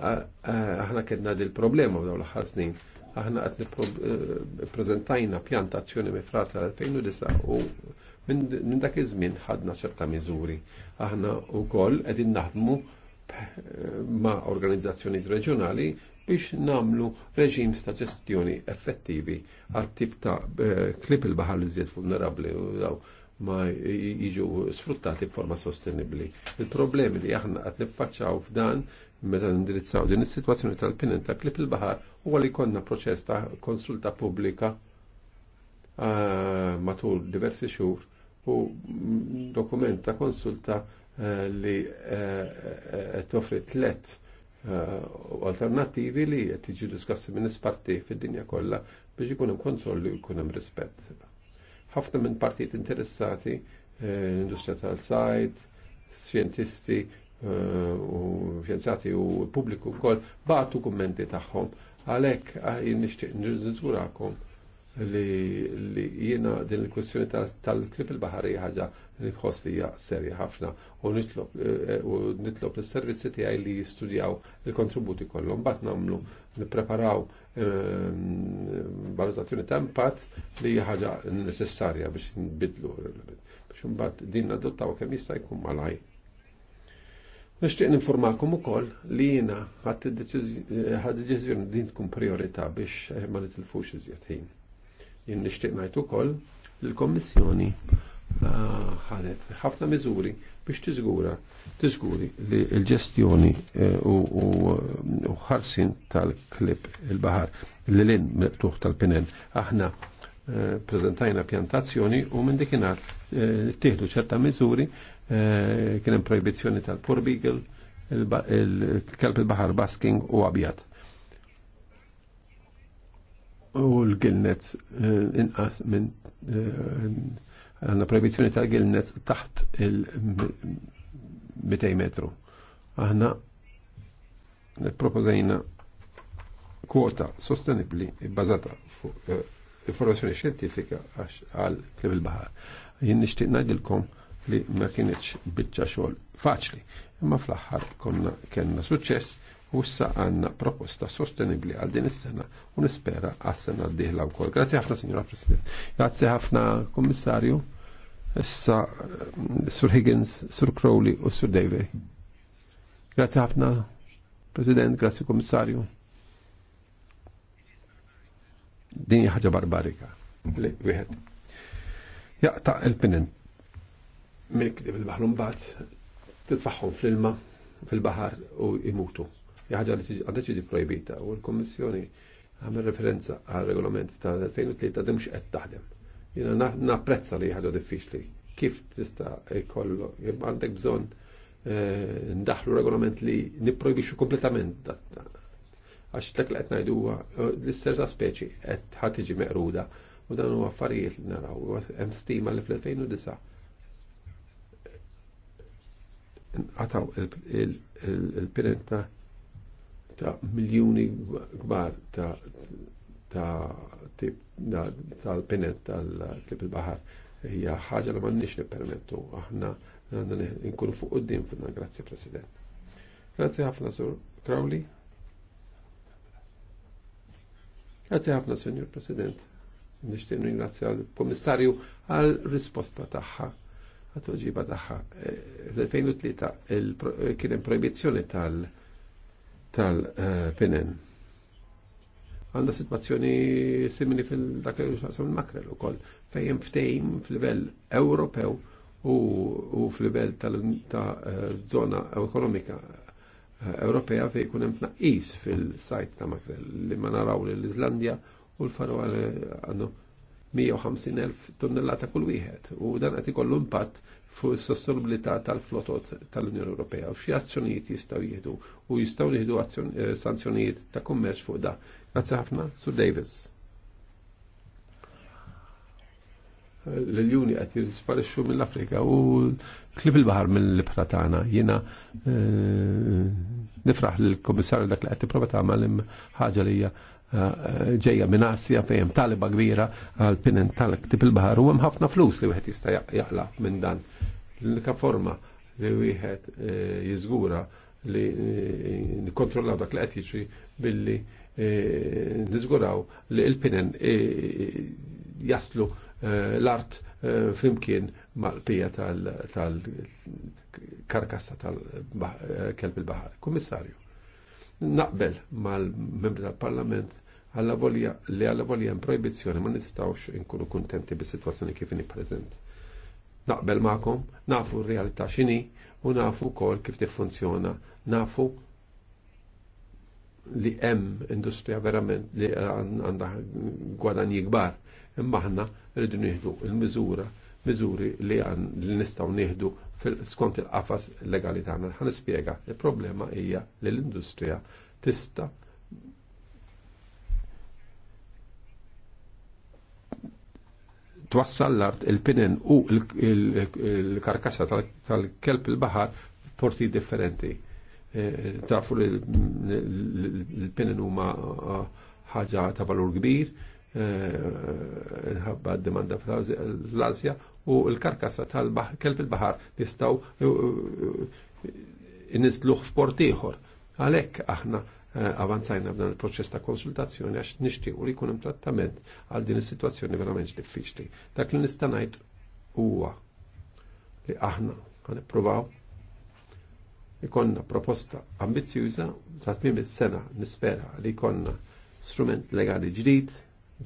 aħna kedna dil-problema dawn l-ħar snin. Aħna għatni eh, prezentajna pjantazzjoni frat tal-2009 u minn dak iż-żmien ħadna ċerta miżuri. Aħna u koll naħdmu eh, ma' organizzazzjoni reġjonali biex namlu reġim ta' ġestjoni effettivi għat-tip ta' eh, klip il-baħar li zjed vulnerabli u daw ma jiġu sfruttati b'forma sostenibli. Il-problemi li aħna qed niffaċċaw f'dan meta nindirizzaw din is-sitwazzjoni tal pinent ta' klip il-baħar huwa li konna proċess ta' konsulta pubblika eh, matul diversi xhur u dokument ta' konsulta eh, li toffri tlet uh alternativi li qed tiġi diskussi minn isparti fid-dinja kollha biex ikun hemm kontrolli li jkun hemm rispett. Ħafna minn partijiet interessati, eh, l-industrija tal-sajt, xjentisti eh, u xjenzati u pubbliku wkoll bagħtu kummenti tagħhom. Għalhekk ah, nixtieq nirżurakom li jiena din il-kwestjoni tal-klip il-baħari ħaġa li tħoss li serja ħafna eh, u nitlob l-servizzi tiegħi li jistudjaw il-kontributi kollhom mbagħad nagħmlu nippreparaw ehm, valutazzjoni ta' impatt li hija necessarja biex nbidlu biex imbagħad din nadottaw kemm jista' jkun malaj. Nixtieq u ukoll li jiena ħadd id din tkun priorità biex eh, ma nitilfux iżjed ħin. nishtiq nixtieq ngħid ukoll l-Kommissjoni ħadet ħafna miżuri biex tiżgura tiżguri li l-ġestjoni eh, u ħarsin tal-klib il-bahar l lin mqtuħ tal-pinen aħna eh, prezentajna pjantazzjoni u minn dikinar eh, tieħdu ċerta miżuri kienem hemm tal-poor beagle il-kelb il-bahar basking u abjad u l-gilnet inqas minn għanna proibizjoni tal-gilnet taħt il-200 metru. Aħna proponejna kwota sostenibli bazata fuq eh, informazzjoni xjentifika għal klib il-bahar. Jien nixtieq ngħidilkom li ma kienx biċċa xogħol faċli, imma fl-aħħar konna kellna suċċess u issa għandna proposta sostenibli għal din is-sena u nispera għas-sena d-dieħla wkoll. Grazzi ħafna, Signora President. Grazzi ħafna, Kommissarju. Issa Sur Higgins, Sur Crowley u Sur Davey. Grazie ħafna, President, grazie Komissarju. Din ħaġa barbarika. Wieħed. Jaqta' il-pinent. Minn kdib il-baħlum bat, titfaxħum fl-ilma, fil-bahar u imutu. Jaħġa li għadda di projbita u l komissjoni għamil referenza għal regolament ta' 2003 dimx għed taħdem jina napprezza li ħadu diffiċli. Kif tista' jkollu, għandek bżon eh, ndaħlu regolament li niprojbixu kompletament għax dak li qed ngħidu huwa eh, l istess ta' speċi qed ħadd tiġi meqruda u dan huwa affarijiet li naraw hemm stima li fl-2009 nqataw il pirenta ta' miljuni kbar ta' ta' tal-pinet tal tlip il-bahar hija ħaġa li m'għandniex nippermettu aħna għandna nkunu fuq qudiem fidna grazzi President. Grazzi ħafna Sur Crowley. Grazzi ħafna Sur President. Nishtiq ringrazzja l-Kummissarju għal risposta tagħha għat-toġiba tagħha. Eh, Fl-2003 kien hemm proibizzjoni tal-pinen. tal eh, penen tal għanda situazzjoni simili fil-dak il-makrel ukoll fejn ftejn fil level Ewropew u fil-livell ta' eh, zona ekonomika eh, Ewropea fejn jkun hemm tnaqqis fil-sajt ta' makrel li ma naraw li l-Iżlandja u l-Faru għandu 150.000 tonnellata kull wieħed u dan qed ikollu impatt fuq is-sostenibilità tal-flotot tal-Unjoni Ewropea u xi azzjonijiet jistgħu jieħdu u jistgħu jieħdu eh, sanzjonijiet ta' kummerċ fuq da. Grazzi ħafna, Sur Davis. l-juni għat jisparixxu mill-Afrika u klib il-bahar mill-libħra tagħna. Jiena eh, nifraħ lill-Komissarju dak li qed tipprova tagħmel hemm ħaġa li hija eh, ġejja minn Asja fejn taliba kbira għal pinent tal-ktib il-bahar u hemm ħafna flus li wieħed jista' jaqla minn dan. L-unika forma li wieħed eh, jiżgura li nikkontrollaw dak li qed jiġri billi E, nizguraw li l-pinen e, jaslu e, l-art flimkien mal-pija tal-karkassa tal-kelb il-bahar. Kummissarju, naqbel mal-membri tal-parlament li għalla volja proibizjoni ma nistawx inkunu kontenti bis situazzjoni kif prezent. Naqbel ma'kom, nafu r-realtà xini u nafu kol kif tiffunzjona, nafu li hemm industrija verament li għandha gwadanji kbar. Imma aħna rridu nieħdu l miżura miżuri li għan li nistgħu nieħdu skont il-qafas legali tagħna. Ħa nispjega, il-problema hija li l-industrija tista twassal l-art il-pinen u l-karkassa tal-kelb il-baħar f'porti differenti Eh, tafu li l pinnin huma eh, ħaġa ta' valur kbir, eh, ħabba d-demanda fl-Azja u l-karkassa tal-kelb il-bahar nistaw nistluħ f-portiħor. Għalek aħna avanzajna b'dan il-proċess ta' konsultazzjoni għax nixtiequ li kunem trattament għal din is-sitwazzjoni verament diffiċli. Dak li nistanajt ngħid huwa li aħna għan ħanippruvaw ikonna proposta ambizjuża sa tmiem is-sena nispera li jkollna strument legali ġdid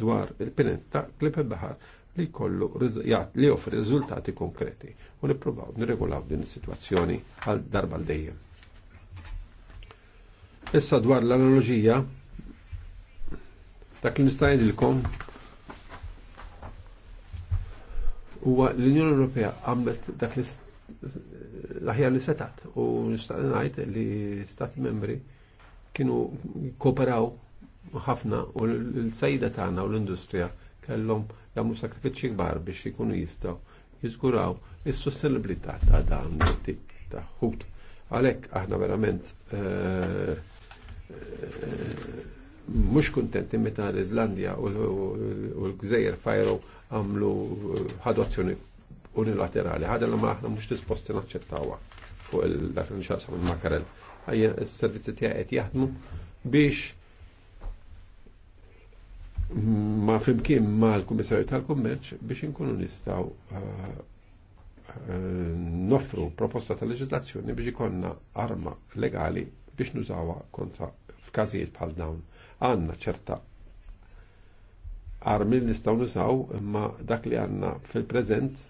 dwar il-pinet ta' il-baħar li kollu li offri riżultati konkreti u nippruvaw nirregulaw din is-sitwazzjoni għal darba l dejjem. Issa dwar l-analogija dak li nista' jgħidilkom huwa l-Unjoni Ewropea għamlet dak li l-aħjar li setat u nistaqnajt li stati membri kienu kooperaw ħafna u l-sajda tagħna u l-industrija kellhom jagħmlu sakrifiċċji kbar biex ikunu jistgħu jiżguraw is-sostenibilità ta' dan it-tip ta' ħut. Għalhekk aħna verament eh, eh, mhux kuntenti meta l-Iżlandja u l-Gżejjer fajru għamlu eh, ħadu azzjoni unilaterali. Ħadha l aħna mhux disposti naċċettawa fuq il-dak li makarel Ħajja s-servizzi tiegħi qed jaħdmu biex ma flimkien ma l-Kummissarju tal-Kummerċ biex inkunu nistaw eh, eh, noffru proposta ta' leġislazzjoni biex ikonna arma legali biex nużawa kontra f'każijiet bħal dawn. Għanna ċerta armi li nistaw nużaw imma dak li għanna fil-prezent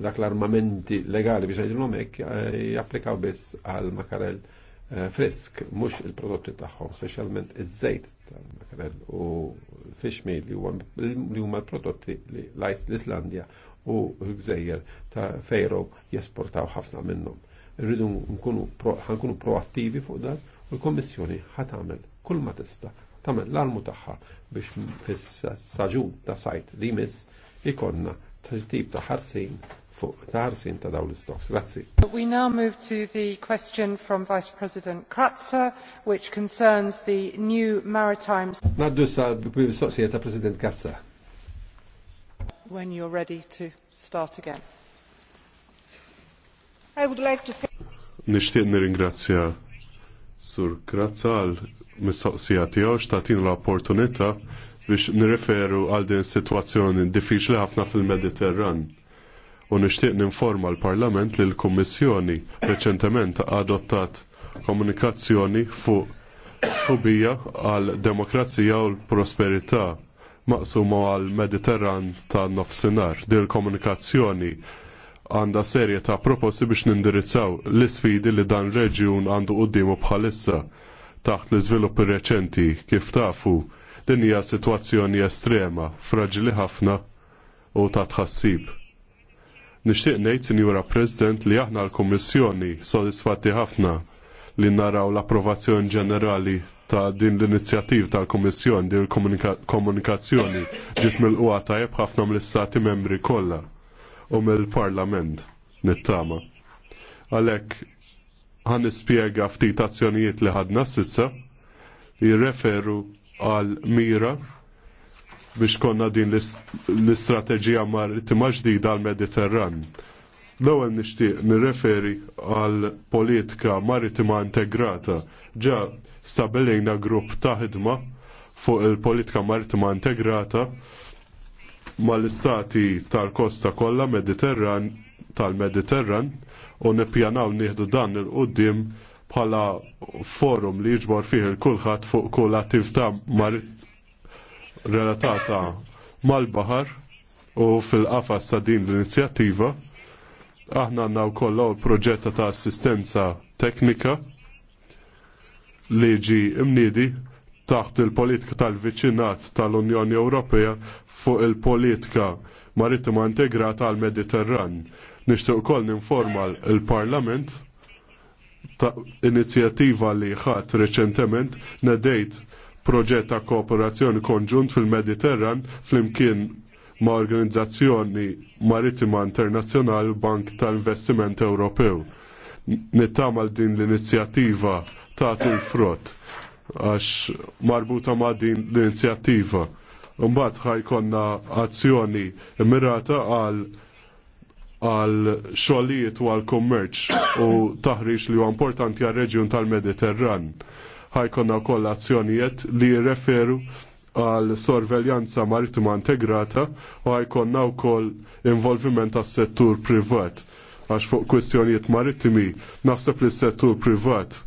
dak l-armamenti legali biex għajdilom hekk eh, japplikaw biss għal makarel eh, frisk, mhux il-prodotti tagħhom, speċjalment iż-żejt tal-makarel u l-fishmi li huma l-prodotti li l-Islandja u l-gżejjer ta' fejro jesportaw ħafna minnhom. Irridu nkunu proattivi fuq dan u l-Kommissjoni ħat tagħmel kull ma tista' tagħmel l armu tagħha biex fis-saġun ta' sajt li jmiss ikonna tip ta' ħarsin fuq taħarsin ta' dawn l-istoks. Grazzi. We now move to the question from Vice President Kratzer, which concerns the new maritime... Naddu sa' b ta' President When you're ready to start again. I would like to thank... Nishtiq Sur Kratza tiegħu x'tatin l-opportunità biex nirreferu għal din situazzjoni diffiċli ħafna fil-Mediterran u nixtieq ninforma l-Parlament li l-Kummissjoni reċentement adottat komunikazzjoni fuq skubija għal demokrazija u l-prosperità maqsuma għal Mediterran ta' nofsinar. Dil komunikazzjoni għanda serje ta' proposti biex nindirizzaw l-sfidi li dan reġjun għandu qoddimu bħalissa taħt l-iżviluppi reċenti kif tafu din hija sitwazzjoni estrema, fraġili ħafna u ta' tħassib Nixtieq ngħid, Sinjura President, li aħna l-Kummissjoni sodisfatti ħafna li naraw l-approvazzjoni ġenerali ta' din l-inizjattiv tal-Kommissjoni din l-komunikazzjoni ġiet mill-qwa tajjeb ħafna mill-Istati membri kollha u mill-Parlament nittama. Għalhekk għan nispjega ftit azzjonijiet li ħadna s'issa jirreferu għal mira biex konna din l-istrateġija marittima ġdida għal mediterran L-ewwel nixtieq nirreferi għal politika maritima integrata. Ġa stabilejna grupp ta'ħidma fuq il-politika maritima integrata mal-istati tal-kosta kollha Mediterran tal-Mediterran u nippjanaw nieħdu dan il-qudiem bħala forum li jġbor fih il-kulħadd fuq kull attività marit relatata mal-bahar u fil-qafas ta' din l-inizjattiva aħna għanna wkoll proġetta ta' assistenza teknika liġi imnidi taħt il-politika tal-viċinat tal-Unjoni Ewropea fuq il-politika marittima integrata għal mediterran u koll ninforma l-Parlament ta' inizjattiva li ħat reċentement nedejt proġett ta' kooperazzjoni konġunt fil-Mediterran flimkien ma' organizzazzjoni maritima internazzjonali Bank ta' Investiment Ewropew. Nittamal din l-inizjattiva ta' il-frott għax marbuta ma' din l-inizjattiva. Mbagħad ħajkonna azzjoni mirata għal għal xogħlijiet u għal kummerċ u taħriġ li huwa importanti għal reġjun tal-Mediterran ħajkonna wkoll azzjonijiet li jirreferu għal sorveljanza marittima integrata u ħajkonna wkoll involviment tas settur privat għax fuq kwistjonijiet marittimi naħseb li settur privat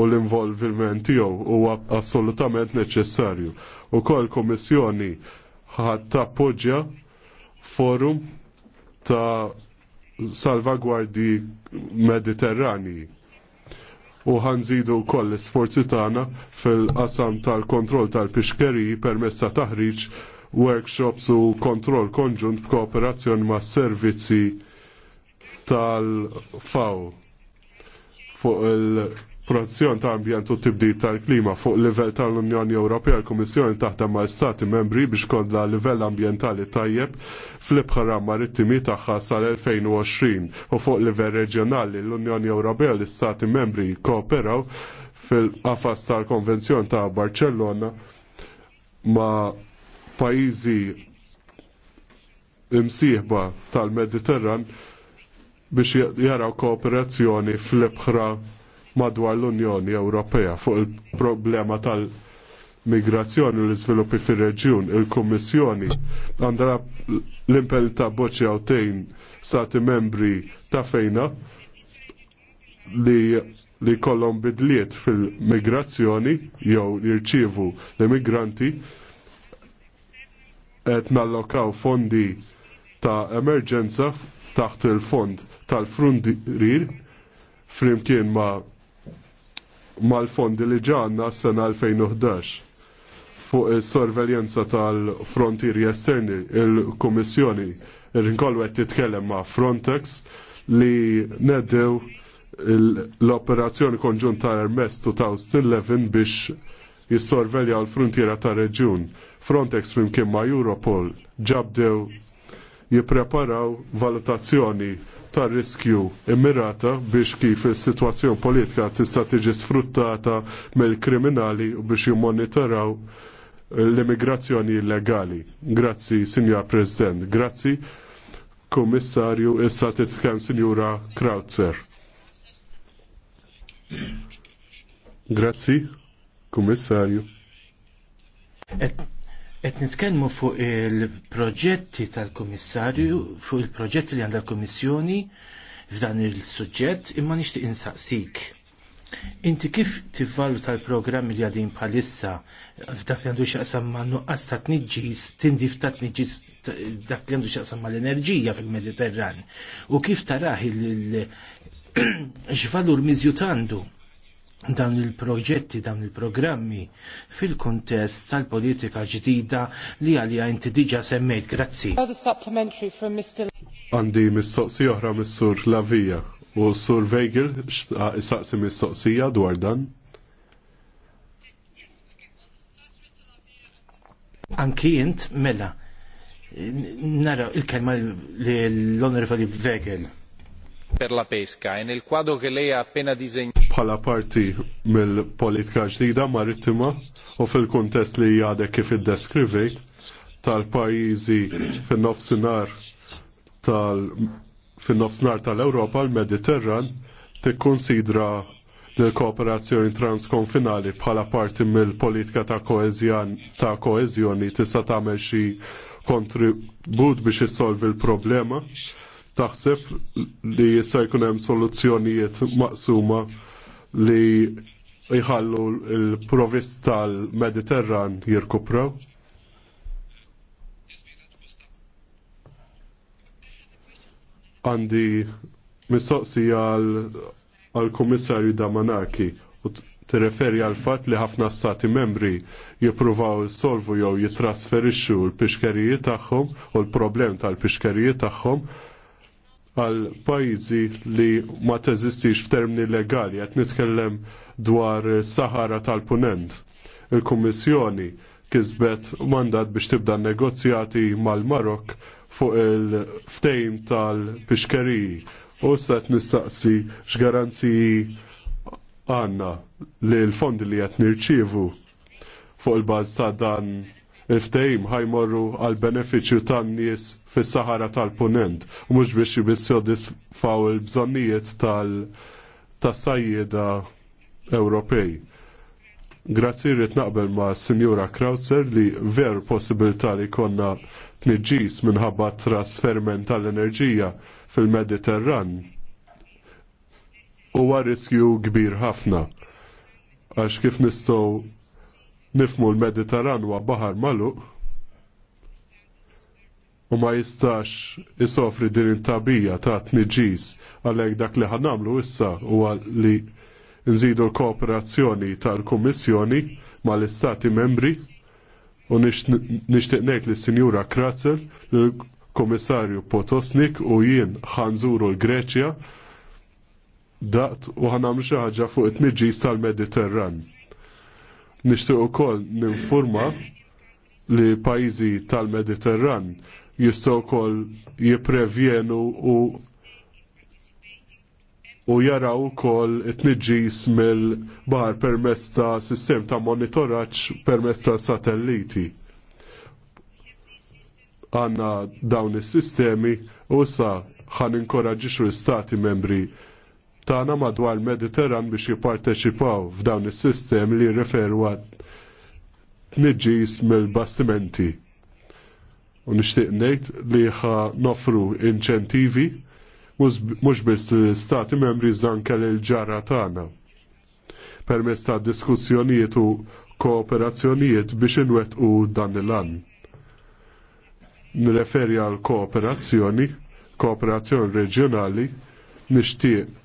u l-involviment tiegħu huwa assolutament neċessarju. U kol kommissjoni ħadd tappoġġja forum ta' salvagwardi Mediterrani u ħanżidu koll sforzi tagħna fil-qasam tal-kontroll tal-pixkeri permezz ta' taħriġ workshops u kontroll konġunt b'kooperazzjoni ma' servizzi tal-FAW fuq il- protezzjon ta' ambjent u tibdil tal-klima fuq livell tal-Unjoni Ewropea l-Kummissjoni taħdem ma' stati membri biex kodla livell ambjentali tajjeb fl-ibħara marittimi tagħha sal-2020 u fuq livell reġjonali l-Unjoni Ewropea l-istati membri kooperaw fil-qafas tal-Konvenzjon ta' Barcellona ma' pajizi imsieħba tal-Mediterran biex jaraw kooperazzjoni fl-ibħra madwar l-Unjoni Ewropea fuq il-problema tal-migrazzjoni u l-iżviluppi fir-reġjun, il-Kummissjoni għandha l-impel ta' boċi għawtejn stati membri ta' fejna li li kollhom bidliet fil-migrazzjoni jew jirċievu l-immigranti qed nallokaw fondi ta' emerġenza taħt il-fond tal-frundirir flimkien ma' mal-fondi li ġanna s-sena 2011 fuq is-sorveljenza tal-frontieri esterni, il-Kummissjoni rinkollu qed titkellem ma' Frontex li neddew l-operazzjoni konġunta Hermes 2011 biex jissorvelja l-frontiera ta' reġjun. Frontex flimkien ma' Europol ġabdew jippreparaw valutazzjoni ta' riskju immirata biex kif is-sitwazzjoni politika tista' tiġi sfruttata mill-kriminali u biex jimmonitoraw l-immigrazzjoni illegali. Grazzi, Signor President. Grazzi, Kommissarju. issa titkem Sinjura Krautzer. Grazzi, Kommissarju. Et Et nitkellmu fuq il-proġetti tal-Komissarju, fuq il-proġetti li għandha l-Komissjoni f'dan il-suġġett, imma nixtieq insaqsik. Inti kif tivvalu tal-programmi li għadin bħalissa f'dak li għandu xaqsam ma' nuqqas ta' tniġġis, tindif ta' tniġġis dak li għandu xaqsam ma' l-enerġija fil-Mediterran u kif taraħi il ġvalur miżjut mizjut għandu dawn il-proġetti, dawn il-programmi fil-kontest tal-politika ġdida li għalija inti diġa semmejt. Grazzi. Għandi mistoqsija oħra mis-sur Lavija u sur Vegel saqsi mistoqsija dwar dan. Anki jint mela nara il-kelma l-onorevoli Vegel per la pesca e nel quadro che lei ha appena disegnato. Bħala parti mill-politika ġdida marittima u fil-kontest li għadek kif id-deskrivejt tal-pajizi fin-nofsinar tal fin-nofsinar tal-Ewropa l-Mediterran tikkonsidra l-kooperazzjoni transkonfinali bħala parti mill-politika ta' koezjoni ta' koezjoni tista' tagħmel xi kontribut biex issolvi l-problema taħseb li jista' jkun hemm soluzzjonijiet maqsuma li jħallu l-provist tal-Mediterran jirkupraw? Għandi mistoqsija għal-Komissarju Damanaki u tirreferi għal fatt li ħafna stati membri jippruvaw solvu jew jitrasferixxu l-pixkerijiet tagħhom u l-problem tal-pixkerijiet tagħhom għal pajjiżi li ma teżistix f'termini legali, qed nitkellem dwar Sahara tal-Punent. Il-Kummissjoni kisbet mandat biex tibda negozjati mal-Marok fuq il-ftejm tal-pixkeriji u qed nistaqsi x'garanziji għandna li l-fondi li qed nirċievu fuq il-baż ta' dan il ħajmorru għal beneficju tan-nies fis-Sahara tal-Punent u mhux biex disfaw il-bżonnijiet tas-sajjieda Ewropej. Grazzi rrit naqbel ma' Sinjura Krautzer li ver possibilità li konna tniġis minħabba trasferment tal-enerġija fil-Mediterran huwa riskju kbir ħafna għax kif nistgħu nifmu l-Mediterran huwa baħar malu u ma jistax isofri din il-tabija ta' tniġis għalhekk dak li ħanamlu issa huwa li nżidu l-kooperazzjoni tal-Kummissjoni mal-Istati membri u nixtieq ngħid li sinjura Kratzer l-Komissarju Potosnik u jien ħanżuru l-Greċja daqt u ħanamlu xi ħaġa fuq it-tniġis tal-Mediterran. Nixtieq ukoll ninfurma li pajjiżi tal-Mediterran jistgħu wkoll jiprevjenu u u jaraw ukoll it-tniġġis mill-bar permezz ta' sistem ta' monitoraġġ permezz ta' satelliti għanna dawn is-sistemi u sa ħan inkoraġiċu l-istati membri tagħna madwar mediterran biex jipparteċipaw f'dawn is-sistem li jirreferu niġġis nġis mill-bastimenti. U nixtieq ngħid li ħa nofru inċentivi mhux biss l-istati membri żanke lil ġara tagħna. Permezz ta' diskussjonijiet u kooperazzjonijiet biex inwettqu dan il-an nreferi għal kooperazzjoni, kooperazzjoni reġjonali, nixtieq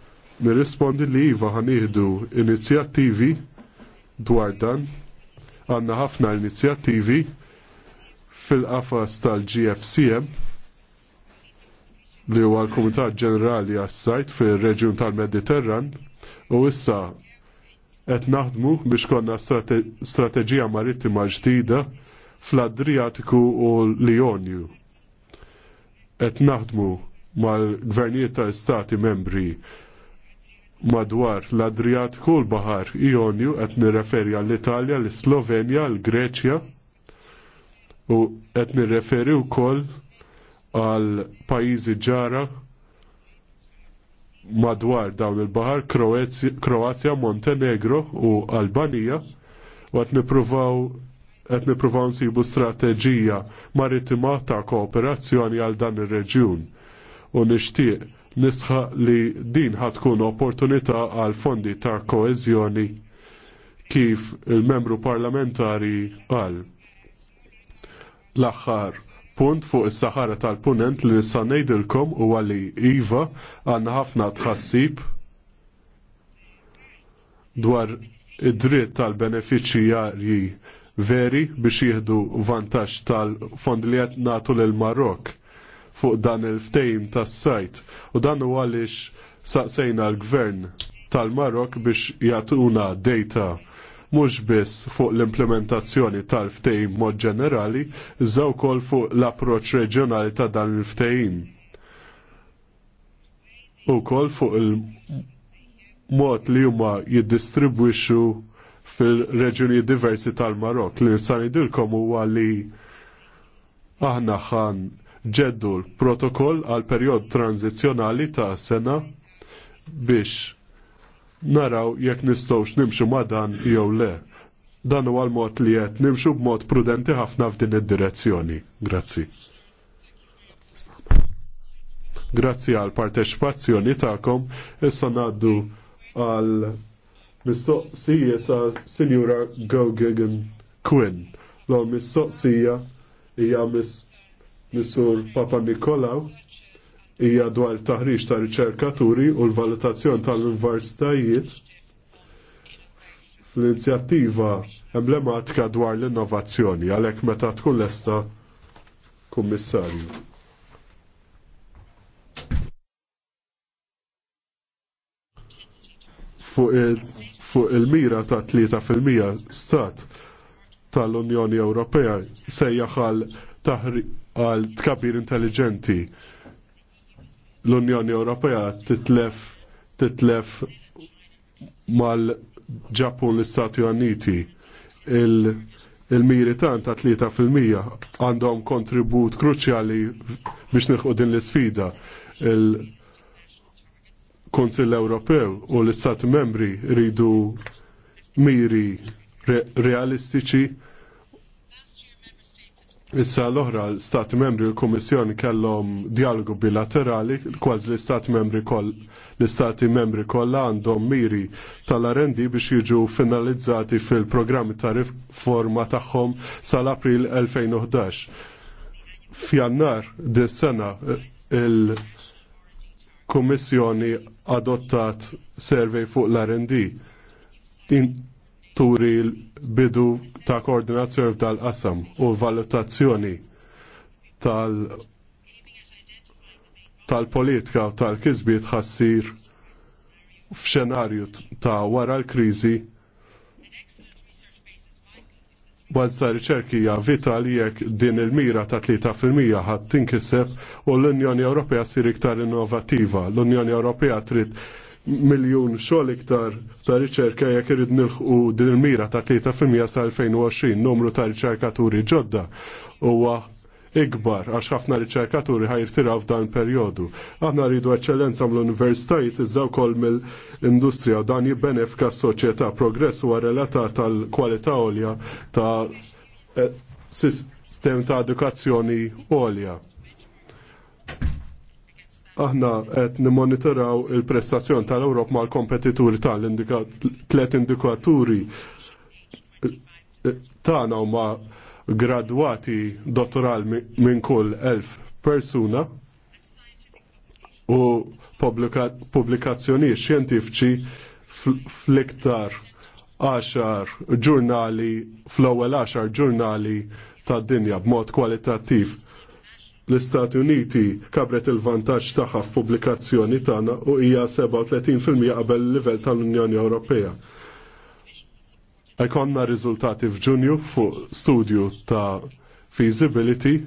nirrispondi li iva ħanieħdu inizjattivi dwar dan. Għanna ħafna inizjattivi fil-qafas tal-GFCM li huwa l-Kumitat Ġenerali għas-sajt fir-Reġjun tal-Mediterran u issa qed naħdmu biex konna strate strateġija marittima ġdida fl-Adriatiku u l-Ionju. Qed naħdmu mal-gvernijiet tal-Stati membri madwar l-Adriatiku l-Bahar Ionju qed nirreferi għall-Italja, l-Slovenja, l-Greċja u qed nirreferi wkoll għal pajjiżi ġara madwar dawn il-Bahar Kroazja, Montenegro u Albanija u qed nippruvaw qed nippruvaw nsibu strateġija marittima ta' kooperazzjoni għal dan ir-reġjun u nixtieq nisħa li din ħatkun opportunità għal fondi ta' koezjoni kif il-membru parlamentari għal. L-axħar punt fuq is saħara tal-Punent li nista' ngħidilkom huwa li iva għandna ħafna tħassib dwar id-dritt tal-benefiċjarji veri biex jieħdu vantaġġ tal-fond li qed nagħtu lil fuq dan il-ftejm tas-sajt. U dan u għalix saqsejna l-gvern tal-Marok biex jatuna data mhux biss fuq l-implementazzjoni tal ftejn mod ġenerali, zaw kol fuq l-approċċ reġjonali ta' dan il U kol fuq il-mod li huma jiddistribwixu fil-reġjuni diversi tal-Marok li nista' ngħidilkom huwa li aħna ħan ġeddu l-protokoll għal perjod tranzizjonali ta' sena biex naraw jekk nistgħux nimxu ma' dan jew le. Dan huwa l-mod li qed nimxu b'mod prudenti ħafna f'din id-direzzjoni. Grazzi. Grazzi għal parteċipazzjoni tagħkom issa ngħaddu għal mistoqsija ta' Sinjura Gogegen Quinn. l għom mistoqsija hija mis l-sur Papa Nikolaw hija dwar taħriġ ta' riċerkaturi u l-valutazzjoni tal-universitajiet fl-inizjattiva emblematika dwar l-innovazzjoni għalhekk meta tkun lesta kummissarju. Fuq il-mira ta' 3% stat tal-Unjoni Ewropea sejjaħal taħriġ għal tkabir intelligenti. L-Unjoni Ewropea titlef titlef mal-Ġapun l-Istati Uniti il-miri tant ta' 3% għandhom kontribut kruċjali biex nieħu din l-sfida. Il-Konsill Ewropew u l-Istati Membri ridu miri realistiċi Issa l-oħra l-Stati membri l-Kummissjoni kellhom dialogu bilaterali kważi l-Stati membri koll l-Stati membri kollha għandhom miri tal-arendi biex jiġu finalizzati fil-programmi ta' riforma tagħhom sal-April 2011. F'jannar dis sena il-Kummissjoni adottat survey fuq l-R&D turi l-bidu ta' koordinazzjoni tal-qasam u valutazzjoni tal- tal-politika u tal-kizbiet ħassir f'xenarju ta' wara l-kriżi Bazza riċerkija vitali jekk din il-mira ta' 3% ħadd tinkiseb u l-Unjoni Ewropea sir iktar innovativa. L-Unjoni Ewropea trid miljun xogħol iktar ta' riċerka jekk irid nilħqu din il-mira ta' 3% sa' 2020 numru ta' riċerkaturi ġodda huwa ikbar għax ħafna riċerkaturi ħajrtira f'dan perjodu. Aħna rridu eċċellenza mill-universitajt iżda wkoll mill-industrija u dan jibbenefika s-soċjetà progress huwa relatat tal-kwalità għolja ta' eh, sistem ta' edukazzjoni għolja aħna qed nimmonitoraw il-prestazzjoni tal-Ewrop mal kompetituri tal-tlet indikaturi tagħna huma gradwati dottoral minn kull elf persuna u pubblikazzjonijiet xjentifiċi fl-iktar 10 ġurnali, fl-ewwel għaxar ġurnali tad-dinja b'mod kwalitattiv l-Istati Uniti kabret il-vantaġġ tagħha f'pubblikazzjoni tagħna u hija 37% qabel il-livell tal-Unjoni Ewropea. Ekonna riżultati f'Ġunju fuq studju ta' feasibility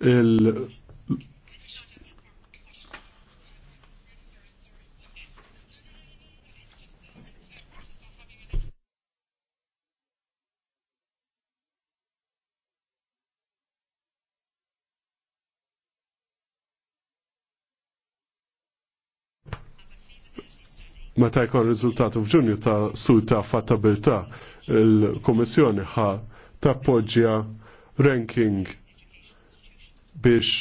il Meta jkun riżultatu f'Ġunju ta' sud ta' fattabilità, il-Kummissjoni ħa tappoġġja ranking biex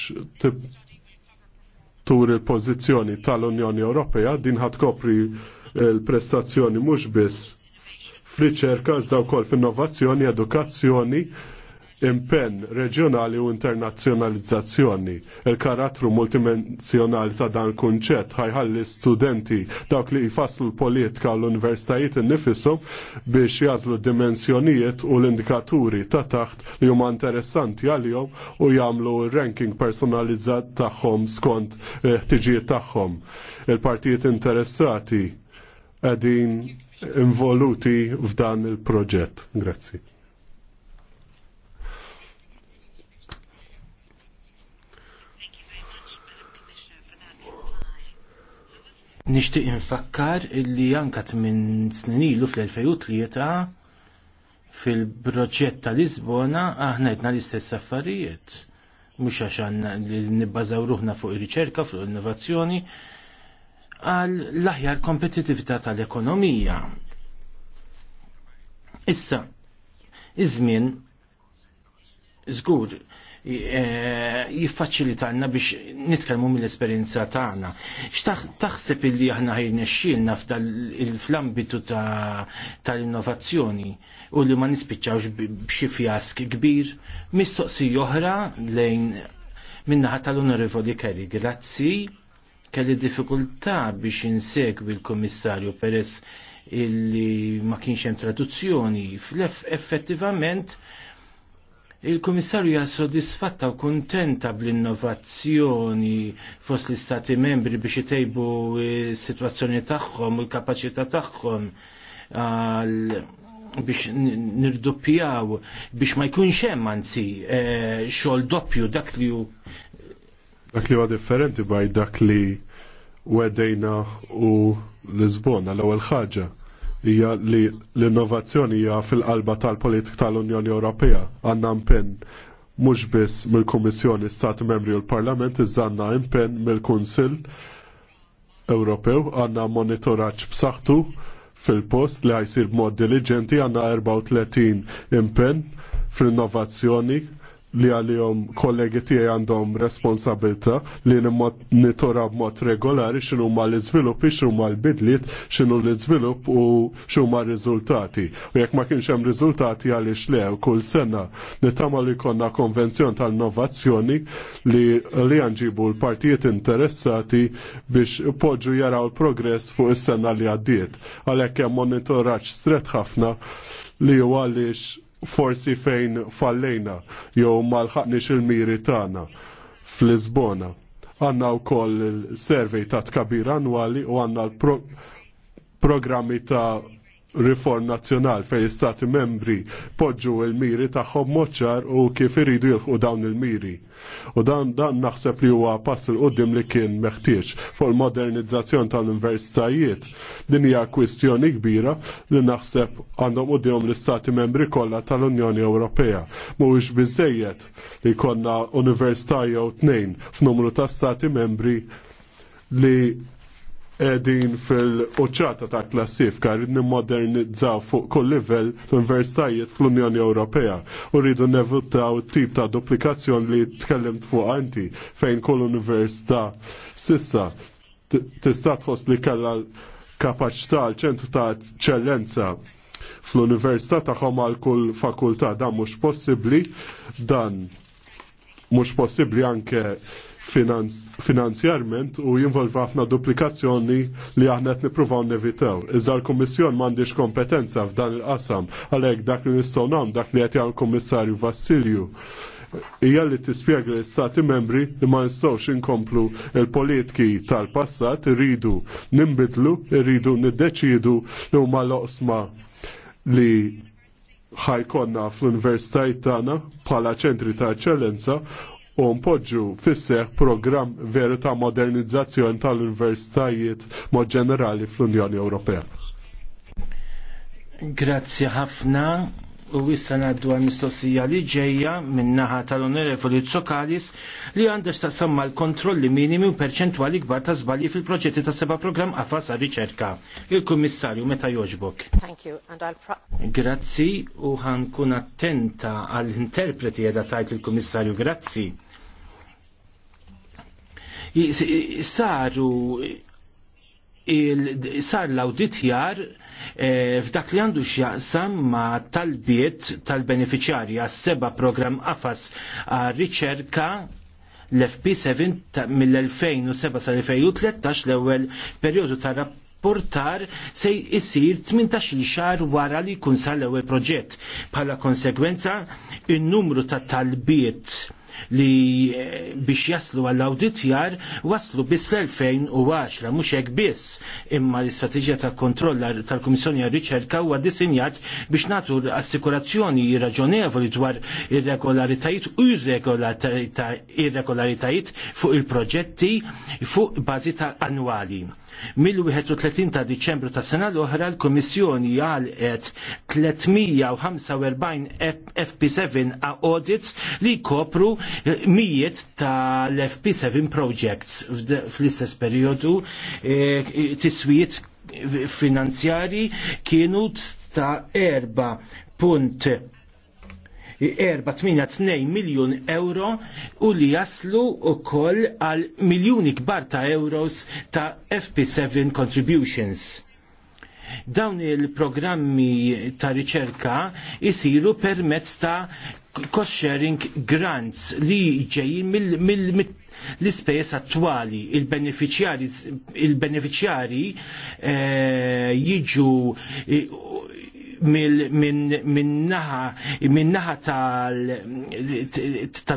tur il-pożizzjoni tal-Unjoni Ewropea din ħad kopri l-prestazzjoni mhux biss f'riċerka iżda wkoll f'innovazzjoni, edukazzjoni, impenn reġjonali u internazzjonalizzazzjoni. Il-karattru multimensjonali ta' dan kunċett ħajħalli studenti dawk li jfasslu l-politika l-universitajiet innifisom biex jazlu dimensjonijiet u l-indikaturi ta' taħt li huma interessanti għalihom u jagħmlu ranking personalizzat tagħhom skont eh, ħtiġijiet tagħhom. Il-partijiet interessati qegħdin involuti f'dan il-proġett. Grazzi. Nixtieq infakkar illi jankat minn snin ilu fl-2003 fil-proġett ta' Lisbona aħna jtna l-istess affarijiet. Mhux għax għandna li nibbażaw ruħna fuq ir-riċerka, fuq l-innovazzjoni, għal l-aħjar kompetitività tal-ekonomija. Issa, iż-żmien żgur Eh, jiffaċilitalna biex nitkellmu mill-esperjenza tagħna. X'taħseb illi aħna ħajnexxielna fl-ambitu tal-innovazzjoni u li ma nispiċċawx b'xi fjask kbir, mistoqsija oħra lejn minnaħat tal-Onorevoli Kelly. Grazzi, kelli diffikultà biex insegwi l-Komissarju peress illi ma kienx hemm traduzzjoni. effettivament Il-Komissarju hija soddisfatta u kuntenta bl-innovazzjoni fost l-Istati membri biex jtejbu s-sitwazzjoni tagħhom u l-kapaċità tagħhom biex nirdoppjaw biex ma jkunx hemm anzi eh, xogħol doppju dak li hu dak li huwa differenti baj dak li wedejna u Lisbona l-ewwel ħaġa hija li l-innovazzjoni hija fil-qalba tal-politik tal-Unjoni Ewropea għandna impenn mhux biss mill-Kummissjoni Stati Membri u l-Parlament iżda għandna impenn mill-Kunsill Ewropew għandna monitoraġġ b'saħħtu fil-post li għajsir b'mod diligenti għandna 34 impenn fl-innovazzjoni li għalihom kollegi tiegħi għandhom responsabilta li nitora b'mod regolari xinu ma l-iżvilupp xinu ma l-bidliet, x'inhu l-iżvilupp u xinu ma r-riżultati. U jekk ma kienx hemm riżultati għaliex le kull sena nitama li konna konvenzjon tal-innovazzjoni li li għanġibu l-partijiet interessati biex poġġu jaraw l-progress fuq is-sena li għaddiet. Għalhekk hemm monitoraġġ stret ħafna li huwa għaliex forsi fejn fallejna jew malħaqniex il-miri tagħna fl-Lisbona. Għanna u koll il-survey ta' tkabir annwali u għanna l-programmi ta' riform nazzjonal fej Stati membri poġġu il-miri tagħhom moċċar u kif iridu jilħu dawn il-miri. U dan dan naħseb li huwa pass il qudiem li kien meħtieġ fuq il-modernizzazzjoni tal-universitajiet. Din hija kwistjoni kbira li naħseb għandhom qudiehom l-istati membri kollha tal-Unjoni Ewropea. Mhuwiex biżejjed li konna università jew tnejn f'numru ta' stati membri li edin fil-oċata ta' klassifika rrid nimmodernizzaw fuq kull livell l-universitajiet fl-Unjoni Ewropea u rridu nevutaw tip ta' duplikazzjoni li tkellimt fuq anti fejn kull università sissa tista' tħoss li kellha kapaċità l-ċentru ta' eccellenza fl-università tagħhom għal kull fakultà dan mhux possibbli dan mhux possibbli anke finanzjarment u jinvolva ħafna duplikazzjoni li aħna qed nippruvaw nevitaw. Iżda l-Kummissjon m'għandix kompetenza f'dan il-qasam għalhekk dak li nistgħu nagħmlu dak li qed jagħmel kummissarju Vassilju hija li tispjega l istati membri li ma nistgħux inkomplu il-politiki tal-passat irridu nimbidlu, rridu niddeċidu li huma loqsma li ħajkonna fl-universitajt tagħna bħala ċentri ta' eċċellenza u mpoġġu fisseħ program veru ta' modernizzazzjoni tal-universitajiet mod ġenerali fl-Unjoni Ewropea. Grazzi ħafna u issa naddu għal mistoqsija li ġejja min-naħa tal-Onorevoli Tsokalis li għandex ta' samma l-kontrolli minimi u perċentwali kbar ta' żbalji fil-proġetti ta' seba' programm għafas għal riċerka. Il-Kummissarju meta joġbok. Grazzi u ħankun attenta għall-interpreti għedha tajt il-Kummissarju. Grazzi saru sar l-auditjar eh, f'dak li għandu x'jaqsam ma' talbiet tal beneficjari għas seba program AFAS għal riċerka l-FP7 mill-2007 sal-2013 l-ewwel perjodu ta' rapportar se jisir 18 xar wara li jkun sal ewwel proġett. Bħala konsegwenza, il numru ta' talbiet li eh, biex jaslu għall awditjar waslu biss fl-2010, mhux hekk biss imma l-istrateġija ta' kontroll tal-Kummissjoni għar-Riċerka huwa disinjat biex nagħtu assikurazzjoni raġonevoli dwar irregolaritajiet u irregolaritajiet fuq il-proġetti fuq bażi ta' annwali. Mill-31 ta' Diċembru ta' sena l-oħra l-Kummissjoni għalqet 345 FP7 audits li kopru mijiet tal-FP7 projects fl-istess periodu e, e, tiswiet finanzjari kienu ta' erba punt 482 miljon euro u li jaslu u koll għal miljoni kbar ta' euros ta' FP7 contributions. Dawn il-programmi ta' riċerka jisiru permezz ta' cost sharing grants li ġejjin mill-ispejjeż attwali. Il-beneficjari eh, jiġu eh, minn naħa ta'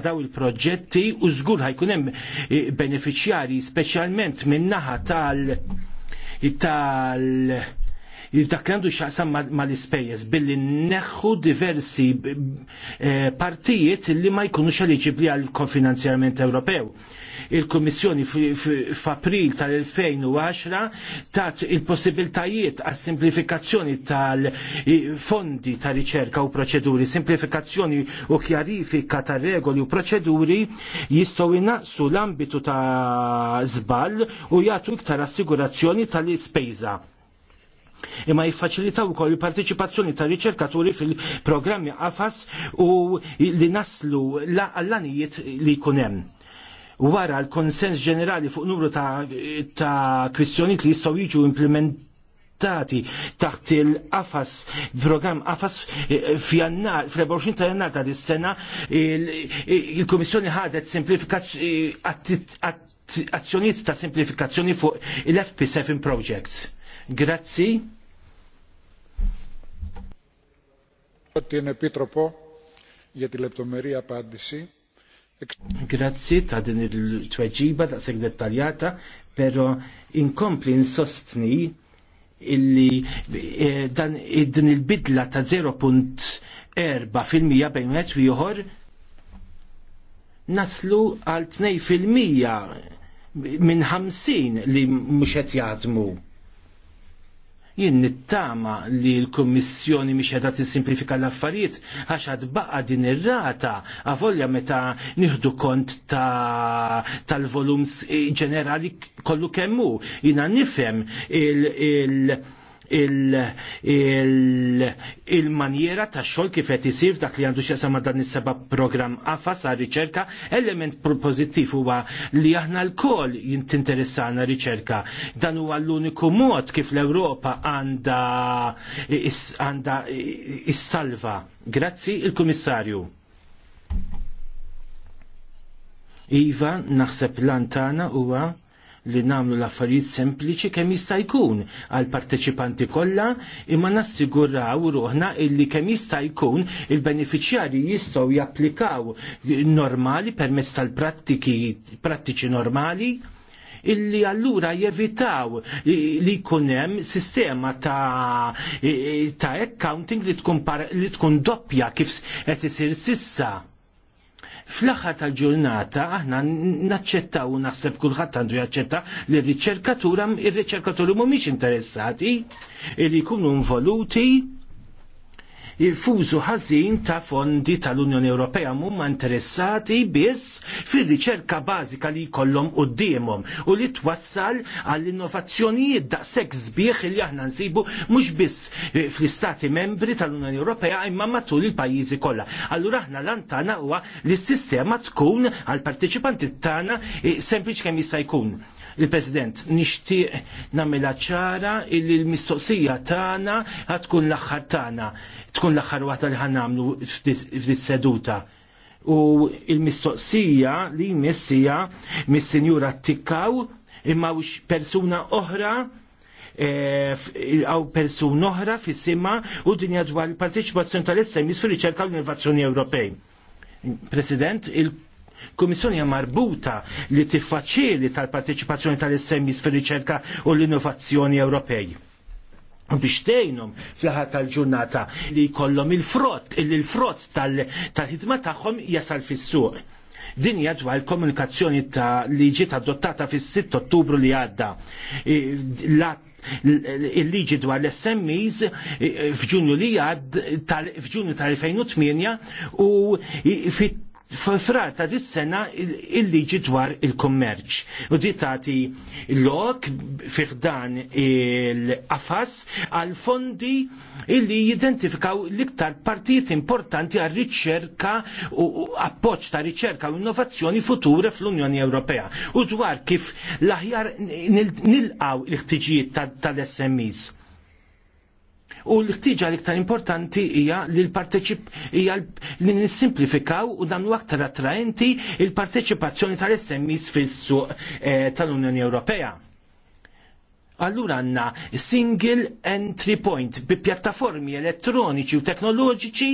daw il-proġetti u żgur ħajkun hemm eh, beneficjari speċjalment minn naħa tal tal dak għandu xaqsam mal-ispejjeż billi neħħu diversi eh, partijiet li ma jkunux eliġibli għal konfinanzjament Ewropew. Il-Kummissjoni f'April tal-2010 tat il-possibiltajiet għas simplifikazzjoni tal-fondi ta' riċerka u proċeduri, simplifikazzjoni u kjarifika ta' regoli u proċeduri jistgħu jnaqsu l-ambitu ta' żball u jagħtu iktar assigurazzjoni tal-ispejża imma jiffaċilitaw ukoll il-partiċipazzjoni ta' riċerkaturi fil-programmi AFAS u li naslu l-għallanijiet li jkun hemm. Wara l-konsens ġenerali fuq numru ta', ta kwistjonijiet li jistgħu jiġu implementati taħt il-AFAS, program AFAS eh, f'jannar, fl-24 ta' jannar ta' dis-sena, il-Komissjoni ħadet simplifikazzjoni eh, azzjonijiet ta' simplifikazzjoni fuq il-FP7 projects Grazzi. Grazzi ta' din il-tweġiba ta' sek dettaljata, pero inkompli insostni illi eh, dan eh, din il-bidla ta' 0.4 fil-mija bejn wieħed u ieħor naslu għal 2 fil-mija minn 50 li mhux qed jaħdmu. Jien nittama li l-Kummissjoni miex qed tissimplifika l-affarijiet għax baqa' din ir-rata avolja meta nieħdu kont tal volums eh, ġenerali kollu kemm hu. Jiena nifhem il-, il il-manjera ta' xol kif qed isir dak li għandu xesama dan is-seba' programm qafas għal riċerka, element propozittiv huwa li aħna l-kol jintinteressana riċerka. Dan huwa l-uniku mod kif l-Ewropa għandha għandha is-salva. Grazzi il-Kummissarju. Iva, naħseb lantana huwa li namlu l-affarijiet sempliċi kemm jista' jkun għal parteċipanti kollha imma nassiguraw ruħna illi kemm jista' jkun il-benefiċjarji jistgħu japplikaw normali permezz tal-prattiki prattiċi normali illi allura jevitaw li jkun hemm sistema ta', ta accounting li tkun, li tkun doppja kif qed isir sissa Fl-aħħar tal-ġurnata aħna naċċettaw u naħseb kulħadd għandu jaċċetta li r-riċerkatura ir-riċerkaturi mhumiex interessati li jkunu involuti il-fużu ħażin ta' fondi tal-Unjoni Ewropea mumma interessati biss fir riċerka bażika li jkollhom qudiemhom u li twassal għall-innovazzjonijiet daqshekk sbieħ li aħna nsibu mhux biss eh, fl-Istati membri tal-Unjoni Ewropea imma matul il-pajjiżi kollha. Allura aħna lantana huwa li s-sistema tkun għall-partiċipanti tagħna eh, sempliċi kemm jista' jkun Il-President, nixtieq nagħmilha ċara illi l-mistoqsija tagħna għatkun tkun l-aħħar tagħna, tkun l-aħħar waħda li ħanamlu f'dis seduta. U il-mistoqsija li missija mis-Sinjura Tikkaw imma persuna oħra e, għaw persuna oħra fi sima u dinja dwar il-partiċipazzjoni tal-SMIs fil-riċerka l-Innovazzjoni Ewropej. President, il Kummissjoni hija marbuta li tiffaċili tal-parteċipazzjoni tal smis fir-riċerka u l-innovazzjoni Ewropej biex tgħinhom fl-aħħar tal-ġurnata li jkollhom il-frott, il-frott tal-ħidma tagħhom jasal fis-suq. Din hija dwar il-komunikazzjoni ta' li ġiet adottata fis-6 Ottubru li għadda. Il-liġi dwar l-SMEs f'Ġunju li għad f'Ġunju tal-2008 u fit frar ta' dis-sena il-liġi dwar il-kummerċ u di l-ok fiħdan il-qafas għal fondi illi jidentifikaw l-iktar partijiet importanti għal riċerka u appoġġ ta' riċerka u innovazzjoni futura fl-Unjoni Ewropea u dwar kif l-aħjar nil-qaw il-ħtiġijiet tal-SMEs U l-ħtiġa l-iktar importanti hija li l-parteċip hija li nissimplifikaw u dan aktar attraenti il-parteċipazzjoni tal smis fis-suq eh, tal-Unjoni Ewropea. Allura għanna single entry point bi pjattaformi elettroniċi u teknoloġiċi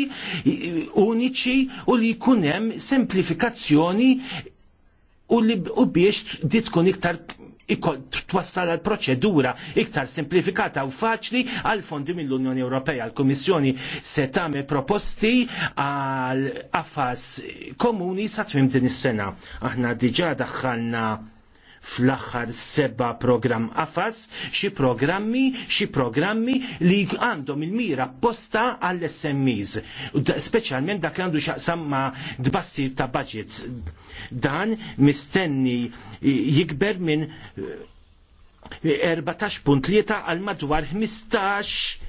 uniċi u li jkun hemm semplifikazzjoni u, li, u biex di tkun iktar twassal għal proċedura iktar simplifikata u faċli għal fondi mill-Unjoni Ewropea. L-Kummissjoni se tagħmel proposti għal affas komuni sa tmim din is-sena. Aħna diġà daħħalna fl-axħar seba program qafas, xi programmi, xi programmi li għandhom il-mira posta għall-SMEs, speċjalment dak li għandu xaqsam ma dbassir ta' budgets. Dan mistenni jikber minn 14.3 eh, għal madwar 15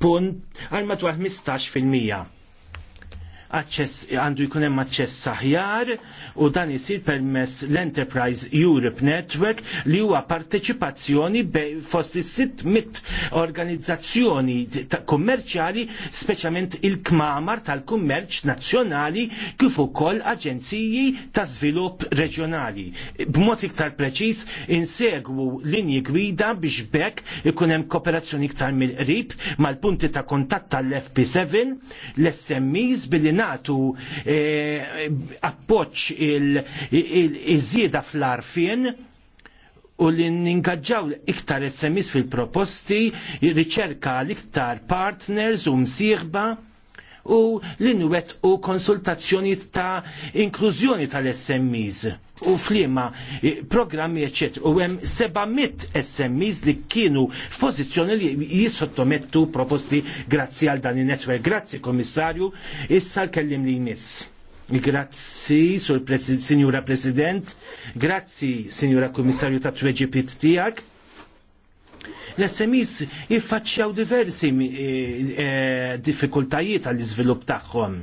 punt għal madwar 15 fil-mija għandu jkun hemm aċċess saħjar u dan isir permess l-Enterprise Europe Network li huwa parteċipazzjoni fost is mit organizzazzjoni kummerċjali speċjalment il-kmamar tal-kummerċ nazzjonali kif ukoll aġenziji ta' żvilupp reġjonali. B'mod iktar preċiż insegwu linji gwida biex bekk ikun hemm kooperazzjoni iktar mill-qrib mal-punti ta' kontatt tal-FP7, l-SMEs billi natu eh, appoċ il-żieda fl-arfien u li ningaġġaw iktar SMS fil-proposti, riċerka l-iktar partners u msieħba u l-inwet u konsultazzjoni ta' inklużjoni tal-SMEs u flima programmi eccetera u hemm 700 SMEs li kienu f'pożizzjoni li jissottomettu proposti grazzi għal dan in-netwerk. Grazzi Komissarju, issa l-kellim li jmiss. Grazzi, sur Signora President, grazzi, Signora Komissarju ta' tweġibit tijak L-SMIs jiffaċċjaw diversi eh, eh, diffikultajiet għall-iżvilupp tagħhom.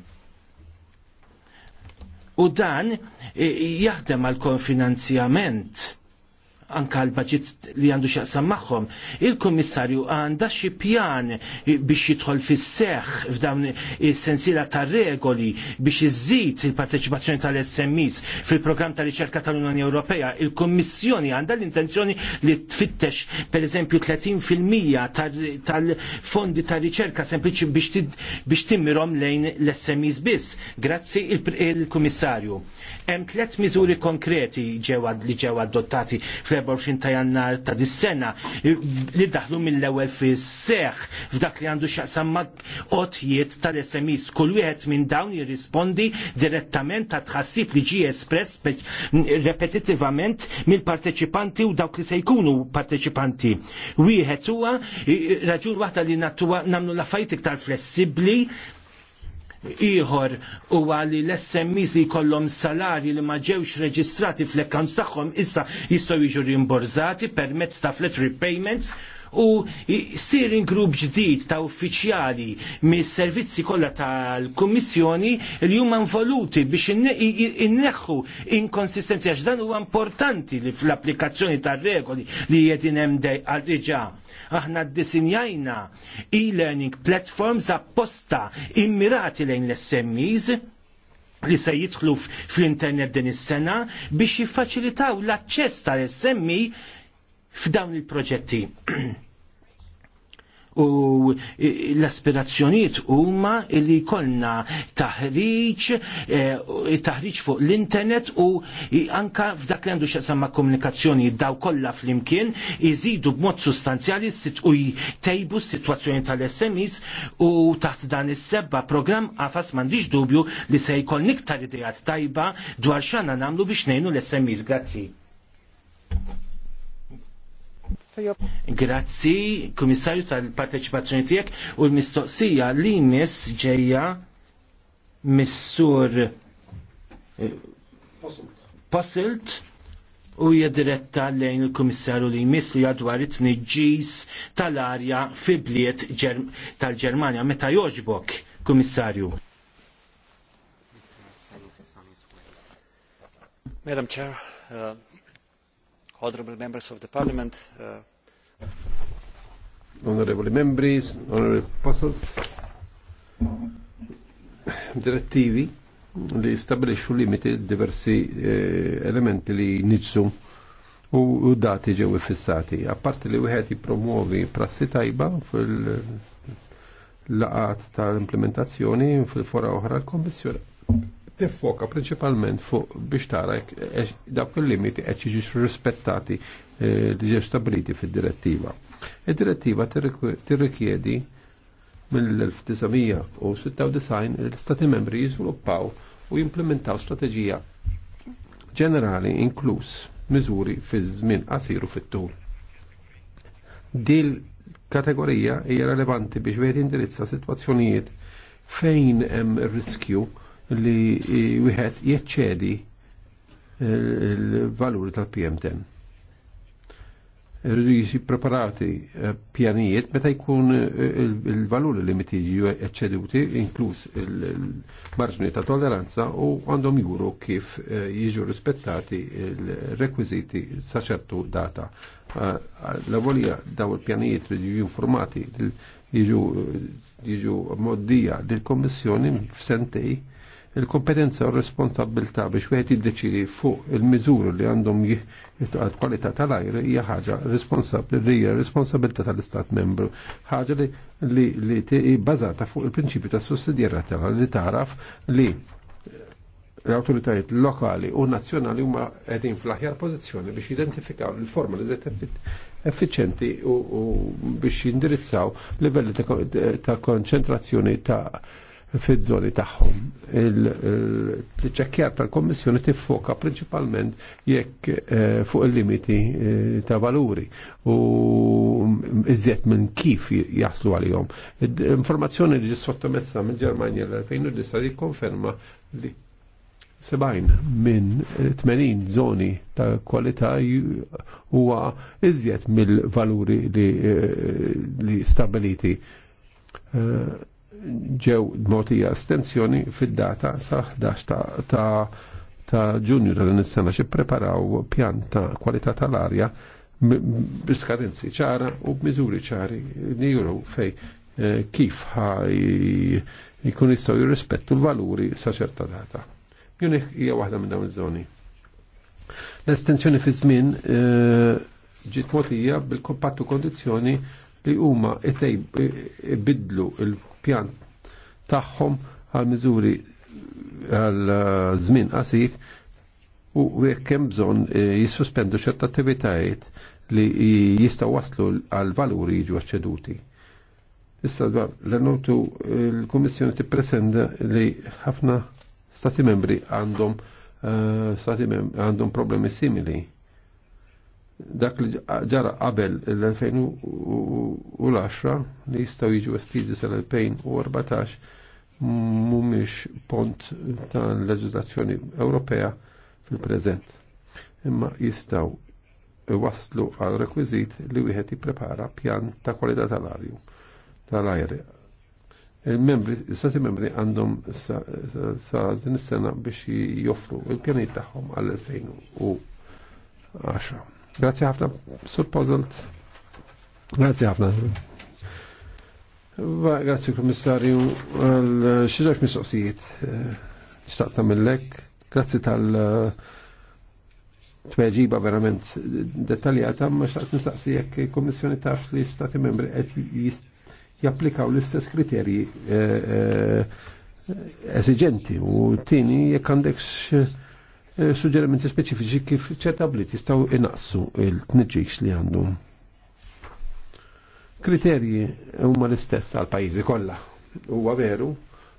U dan eh, jaħdem għal konfinanzjament anka l-budget li għandu xaqsam magħhom. Il-Kummissarju għandha xi pjan biex jidħol fis seħ f'dawn is-sensiela tar regoli biex iżid il-parteċipazzjoni tal smis fil-programm ta' riċerka tal-Unjoni Ewropea. Il-Kummissjoni għandha l-intenzjoni li tfittex pereżempju 30% tal-fondi ta' riċerka sempliċi biex timmirom lejn l smis biss. Grazzi il-Kummissarju. Hemm tliet miżuri konkreti li ġew adottati fl 27 ta' jannar ta' dis-sena li daħlu mill-ewwel fis-seħ f'dak li għandu x'aqsam ma' qotjiet tal sms Kull wieħed minn dawn jirrispondi direttament ta' tħassib li ġie espress repetitivament mill-parteċipanti u dawk li se jkunu parteċipanti. Wieħed huwa raġun waħda li nagħmlu l-affarijiet iktar flessibbli ieħor huwa li l-SMEs li jkollhom salari li ma ġewx reġistrati fl-accounts tagħhom issa jistgħu jiġu rimborzati permezz ta' flat repayments u steering group ġdid ta' uffiċjali mis servizzi kollha tal-Kummissjoni li huma involuti biex inneħħu inkonsistenzi għax dan huwa importanti li fl-applikazzjoni tar-regoli li qed hemm diġà. Aħna ddisinjajna e-learning platforms apposta immirati lejn l-SMEs li se jidħlu fl-internet din is-sena biex jiffaċilitaw l-aċċess tal-SMI e f'dawn il-proġetti. u l-aspirazzjoniet huma li jkollna taħriġ, eh, taħriġ fuq l-internet u anka f'dak li għandu xaqsamma komunikazzjoni daw kollha flimkien iżidu b'mod sustanzjali u jtejbu s-sitwazzjoni tal-SMIs u taħt dan is-sebba programm għafas m'għandix dubju li se jkoll niktar idejat tajba dwar xana nagħmlu biex ngħinu l-SMIs. Grazzi. Grazzi, komissarju tal-parteċipazzjoni tiegħek u l-mistoqsija li miss ġejja missur eh, Posselt u jadiretta lejn il-komissarju li jmiss li jadwar it nġis tal-arja fi bliet tal-Ġermanja. Meta joġbok, komissarju? Madam Chair, uh honourable members of the parliament. Uh... Honourable members, honourable Puzzle, direttivi li stabilixxu limiti diversi eh, elementi li nitsu u, dati ġew fissati. Apparti li wieħed jippromuovi prassi tajba fil-laqat tal-implementazzjoni fil-fora oħra l-Kommissjoni tiffoka principalment fuq biex tara eh, dawk il-limiti qed jiġu rispettati eh, li ġew stabiliti fid-direttiva. Id-direttiva tirrikjedi mill-1996 l-Stati membri jiżviluppaw u jimplementaw strateġija ġenerali inkluż miżuri fi żmien qasiru fit-tul. Dil kategorija hija relevanti biex wieħed indirizza sitwazzjonijiet fejn hemm riskju riskju li wieħed jeċċedi il-valuri tal tal-PM10. Rridu jisi preparati eh, pjanijiet meta jkun eh, il-valuri li meti eċċeduti, inkluż il-marġni ta' tolleranza u għandhom juru kif eh, jiġu rispettati il-rekwiziti saċertu data. l avolija daw il-pjanijiet rridu informati jiġu moddija dil-Kommissjoni f'sentej il-kompetenza u responsabilta biex wieħed jiddeċidi fuq il miżur li għandhom jitqad kwalità tal-ajr hija ħaġa responsabbli li hija responsabilità tal-Istat membru. Ħaġa li li bbażata fuq il-prinċipju ta' sussidjarjetà li taraf li l-autoritajiet lokali u nazzjonali huma qegħdin fl-aħjar pożizzjoni biex jidentifikaw il-forma li effiċenti u biex jindirizzaw livelli ta' konċentrazzjoni ta' fid-żoni tagħhom. Il-ċekkjar tal-Kommissjoni tiffoka prinċipalment jekk eh, fuq il-limiti eh, ta' valuri u iżjed minn kif jaslu għalihom. Informazzjoni li sottomessa minn Ġermanja l-2009 jikkonferma li 70 minn 80 eh, zoni ta' kwalità huwa iżjed mill-valuri li, stabiliti ġew motija stenzjoni fid-data sa' 11 ta' ta' ġunju ta' din is-sena xi preparaw pjan ta' kwalità tal-arja b'iskadenzi ċara u b'miżuri ċari li juru fej eh, kif jkun jistgħu jirrispettu l-valuri sa' ċerta data. Munich hija waħda minn dawn iż-żoni. L-estensjoni fi żmien eh, ġiet motija bil-kompattu kondizzjoni li huma eh, bidlu il pjan tagħhom għal miżuri għal eh, żmien qasir u jekk bżon bżonn eh, jissuspendu ċerta attivitajiet li jistaw waslu għal valuri jiġu ċeduti. Issa dwar l-notu l-Kummissjoni tippresenda li ħafna stati membri għandhom eh, stati membri għandhom problemi simili dak li ġara qabel l-2010 li jistaw jiġu estizi sal-2014 mumiex pont ta' leġislazzjoni Ewropea fil-prezent. Imma jistaw waslu għal rekwizit li wieħed jipprepara pjan ta' kwalità tal-arju tal-ajr. Il-membri, stati membri għandhom sa' din s sena biex joffru il-pjanijiet tagħhom għal 2010. Grazie ħafna, Sur Puzzled. Grazie ħafna. Grazie, Komissarju, eh, xieġax mistoqsijiet, eh, xtaqta mill-lek. grazie tal- tweġiba verament detaljata, ma xtaqt nistaqsi jekk il-Kommissjoni taf li stati membri qed japplikaw l-istess kriterji esigenti eh, u tini jekk għandek E, suġġerimenti speċifiċi kif ċerta blit jistaw inaqsu il-tniġġix li għandhom. Kriterji huma l-istess għal pajjiżi kollha. Huwa veru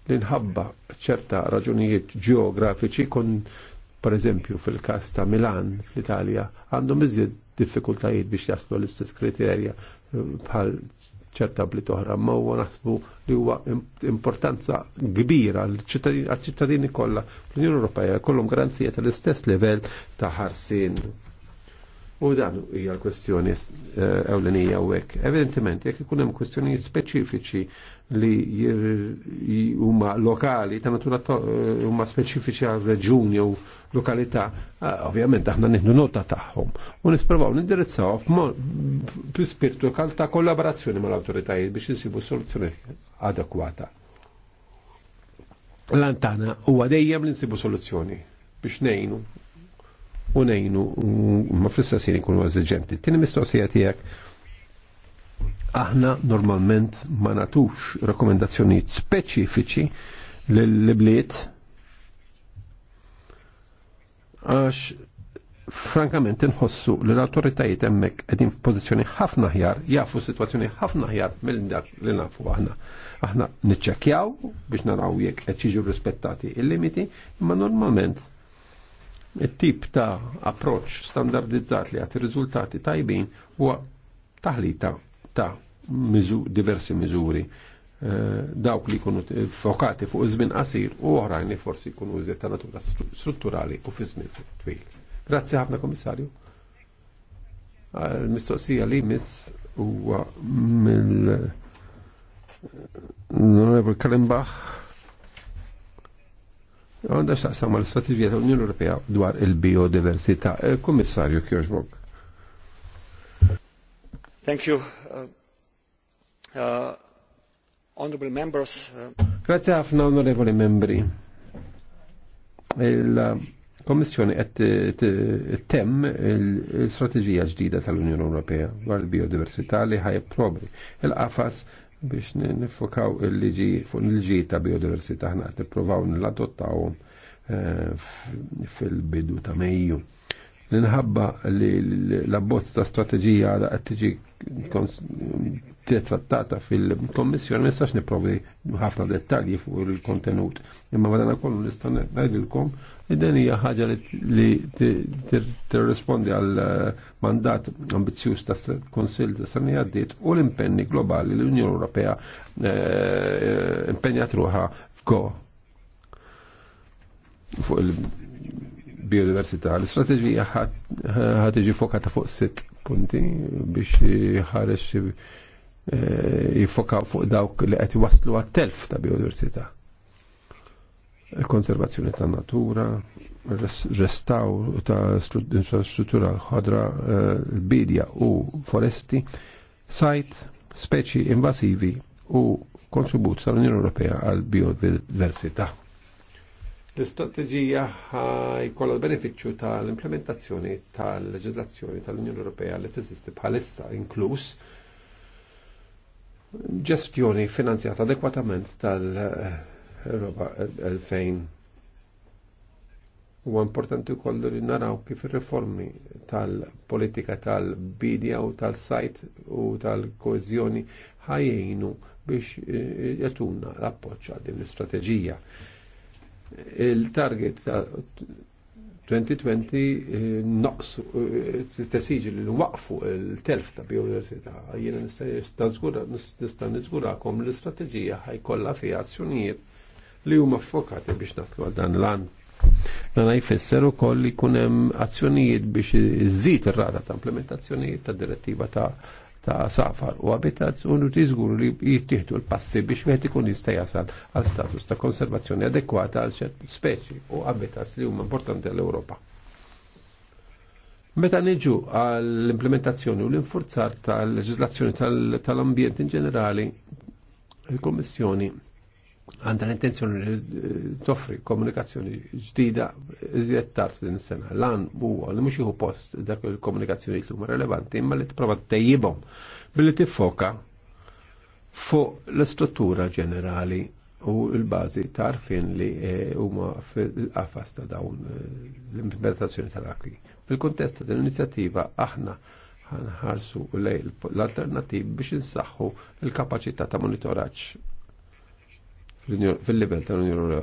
li nħabba ċerta raġunijiet ġeografiċi kon per eżempju fil-kas ta' Milan fl-Italja għandhom iżjed diffikultajiet biex jaslu l-istess kriterja e, bħal ċerta bli toħra mawwa naħsbu li huwa importanza kbira għal-ċittadini kollha fl-Unjoni Ewropea kollhom garanzija tal-istess livell ta' ħarsin. U dan hija l-kwestjoni eh, ewlenija u hekk. Evidentement, jekk ikun hemm kwestjonijiet speċifiċi li huma lokali ta' natura eh, huma speċifiċi għal reġuni u lokalità, eh, ovvjament aħna nieħdu nota tagħhom u nispruvaw nindirizzaw fl-ispirtu e ta' kollaborazzjoni mal-awtoritajiet biex insibu soluzzjoni adekwata. Lantana huwa dejjem li nsibu soluzzjoni biex nejnu u nejnu ma fl-istess jien ikunu eżiġenti. Tieni mistoqsija tiegħek aħna normalment ma natux rekomendazzjonijiet speċifiċi l-bliet għax frankament nħossu li l-autoritajiet emmek edin pozizjoni ħafna ħjar, jafu situazzjoni ħafna ħjar mill dak li nafu aħna. Aħna nċekjaw biex naraw jekk qed jiġu rispettati il-limiti, imma normalment it-tip ta' approċ standardizzat li għat riżultati tajbin huwa taħlita ta' mizu, diversi miżuri eh, dawk li kunu fokati fuq żmien qasir u oħrajn li forsi kunu użiet ta' natura strutturali u fi żmien twil. Grazzi ħafna Komissarju. Eh, mistoqsija li miss huwa mill eh, Onorevole Kalimbach għandha xtaqsam mal-strategija tal-Unjoni Ewropea dwar il-biodiversità. Komissarju Kjoġbog. Uh, uh, uh, Grazie ħafna onorevoli membri. Il-Kommissjoni qed tem il-strateġija ġdida tal-Unjoni Ewropea dwar il-biodiversità li ħaj probi il-qafas biex nifokaw il-liġi fuq il-liġi ta' biodiversità ħna qed nippruvaw niladottawhom eh, fil-bidu ta' Mejju. Minħabba li l-abbozz ta' strateġija qed tiġi trattata fil-Kommissjoni ma nistax niprovi ħafna dettalji fuq il-kontenut. Imma madana kollu nista' najdilkom li din hija ħaġa li tirrispondi għal mandat ambizzjuż tas konsil ta' sani għaddiet u l-impenni globali li l-Unjoni Ewropea impenjat ruħa f'ko fuq il-biodiversità. L-istrateġija ħat iġi fokata fuq sitt punti biex ħares eh, jifokaw fuq dawk li qed waslu għat-telf ta' biodiversità. Konservazzjoni ta' natura, restaw ta' infrastruttura ħadra l-bidja eh, u foresti, sajt, speċi invasivi u kontribut tal-Unjoni Ewropea għal biodiversità. L-istrateġija jkollha l-benefiċċju tal-implementazzjoni tal-leġiżlazzjoni tal-Unjoni Ewropea li teżisti bħalissa inkluż ġestjoni finanzjata adekwatament tal-Europa 2000. Huwa importanti wkoll li naraw kif ir-riformi tal-politika tal-bidja u tal-sajt u tal-koeżjoni ħajjejnu biex jatuna l-appoġġ għal din l-istrateġija il-target ta' 2020 t tesiġi li waqfu il-telf ta' biodiversità. Jiena nista' niżgurakom l-istrateġija ħajkollha fi azzjonijiet li huma ffokati biex naslu għal dan l-an. Dan jfisser ukoll li jkun hemm azzjonijiet biex iżid ir-rata ta' implementazzjonijiet ta' direttiva ta' ta' safar u habitats u nrid jiżguru li jittieħdu l-passi biex wieħed ikun jista' jasal għal status ta' konservazzjoni adekwata għal ċerti speċi u habitats li huma importanti għall europa Meta niġu għall-implementazzjoni u l-infurzar tal-leġislazzjoni tal-ambjent in ġenerali, il-Kommissjoni għandha l-intenzjoni li eh, toffri komunikazzjoni ġdida iżjed tard din is-sena. Lan huwa li mhux jieħu post dak il-komunikazzjoni li huma relevanti imma li tipprova tejjibhom billi tiffoka fuq l-istruttura ġenerali u l-bażi tarfin li eh, huma fil-qafas ta' dawn eh, l-implementazzjoni tal-akwi. Fil-kuntest ta' l-inizjattiva aħna ħanħarsu l-alternattiv biex insaħħu l-kapaċità ta' monitoraġġ fil-livell tal-Unjoni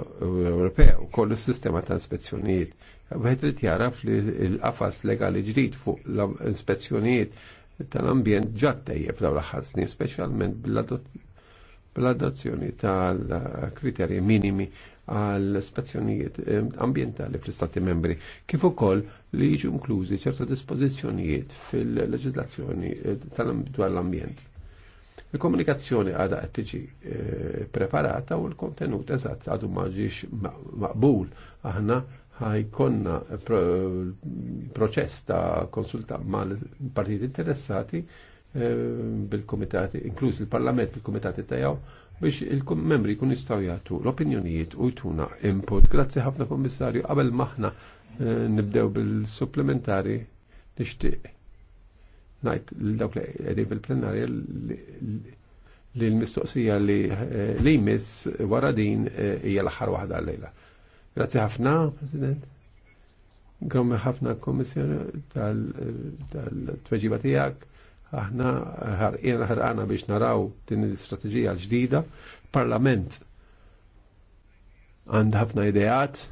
Ewropea u kollu s-sistema ta' inspezzjonijiet. Għabħet li tjaraf li l-qafas legali ġdid fuq l-inspezzjonijiet tal-ambjent ġattej fl l snin, specialment bl-adozzjoni tal-kriterji minimi għal ispezzjonijiet ehm, ambientali fl-Istati membri, kif ukoll li jiġu inklużi ċerta dispożizzjonijiet fil tal-ambjent. tal-ambjent. Il-komunikazzjoni għada qed tiġi eh, preparata u l-kontenut eżatt għadu ma ġiex maqbul. Aħna ħajkonna proċess ta' konsulta mal-partijiet interessati eh, bil-komitati, inkluż il-parlament bil-komitati tajaw, biex il-membri kun jistaw jgħatu l-opinjonijiet u jtuna input. Grazzi ħafna kommissarju, qabel maħna eh, nibdew bil-supplementari nishtiq najt l-dawk li għedin fil-plenarja li l-mistoqsija li eh, li jmiss wara din eh, hija l-aħħar waħda għallejla. Grazzi ħafna, President. Għom ħafna kommissjoni tal-tweġiba eh, tijak. Aħna ħarqina ħarqana biex naraw din l-istrateġija l-ġdida. Parlament għand ħafna ideat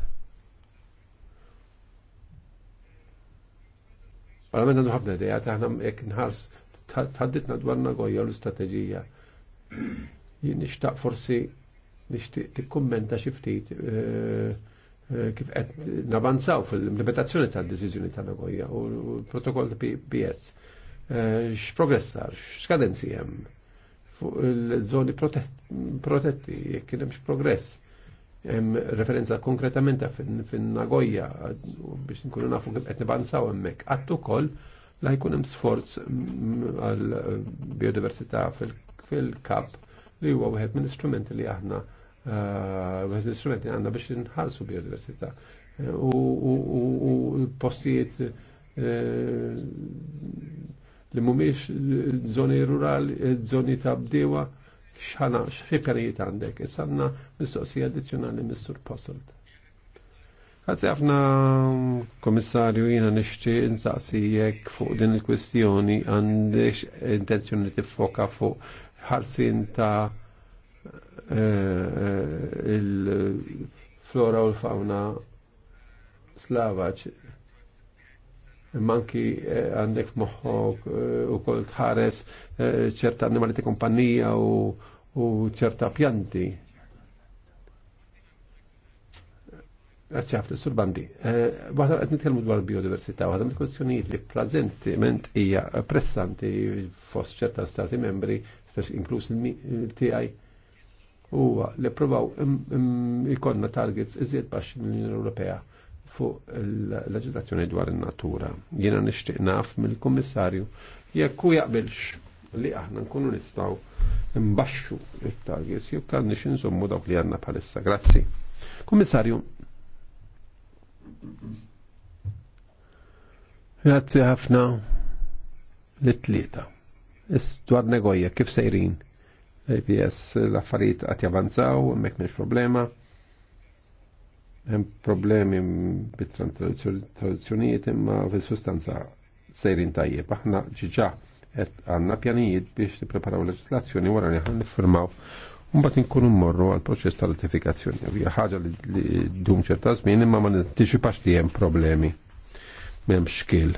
Parlament għandu ħafna ideja taħna jekk nħars tħadditna dwarna għoja l istrategija Jien forsi nixtieq tikkummenta xi ftit eh, eh, kif għed navanzaw fil-implementazzjoni tad decizjoni ta' Nagoya u protokoll PS. Eh, X'progressar, sar, x'skadenzi fuq il zoni protetti, jek kien hemm progress em, referenza konkretament fin-Nagoya biex nkunu nafu qed nibansaw hemmhekk. Qatt ukoll la jkun hemm sforz għal eh, biodiversità fil-kap li huwa wieħed mill-istrumenti li aħna eh, wieħed mill-istrumenti għandna biex nħarsu biodiversità. U postijiet eh, li mhumiex zoni rurali, zoni ta' bdewa xħana xħipjanijiet għandek, issanna mistoqsi addizjonali mistur Posselt. Għazzi għafna komissarju jina nixċi insaqsijek fuq din il-kwistjoni għandix intenzjoni tiffoka fuq ħarsin ta' eh, eh, il-flora u l-fauna slavaċ manki eh, għandek moħħok eh, eh, u kol tħares ċerta animali ta' kompanija u ċerta pjanti. Għacċaf li surbandi. Waħda għed nitkellmu dwar biodiversità, waħda mill kwestjonijiet li prezentiment hija pressanti fost ċerta stati membri, inklus il-tiegħi, huwa li provaw ikonna targets iżjed baxx mill-Unjoni Ewropea fuq l-leġislazzjoni dwar in-natura. Jiena nixtieq naf mill-Kummissarju jekk u jaqbilx li aħna nkunu nistgħu mbaxxu it-targets jew kan nix insommu dawk li għandna bħalissa. Grazzi. Kummissarju. Grazzi ħafna l-tlieta. Dwar negoja kif sejrin. APS l-affarijiet qed javanzaw, hemmhekk mhix problema Hemm problemi bit-tradizzjonijiet imma fis-sustanza sejrin tajjeb. Aħna ġiġa qed għandna pjanijiet biex nippreparaw leġislazzjoni wara li ħan niffirmaw Mbagħad inkunu mmorru għal proċess ta' ratifikazzjoni. Hija ħaġa li dum ċerta żmien imma ma nanticipax li hemm problemi. M'hemm xkil.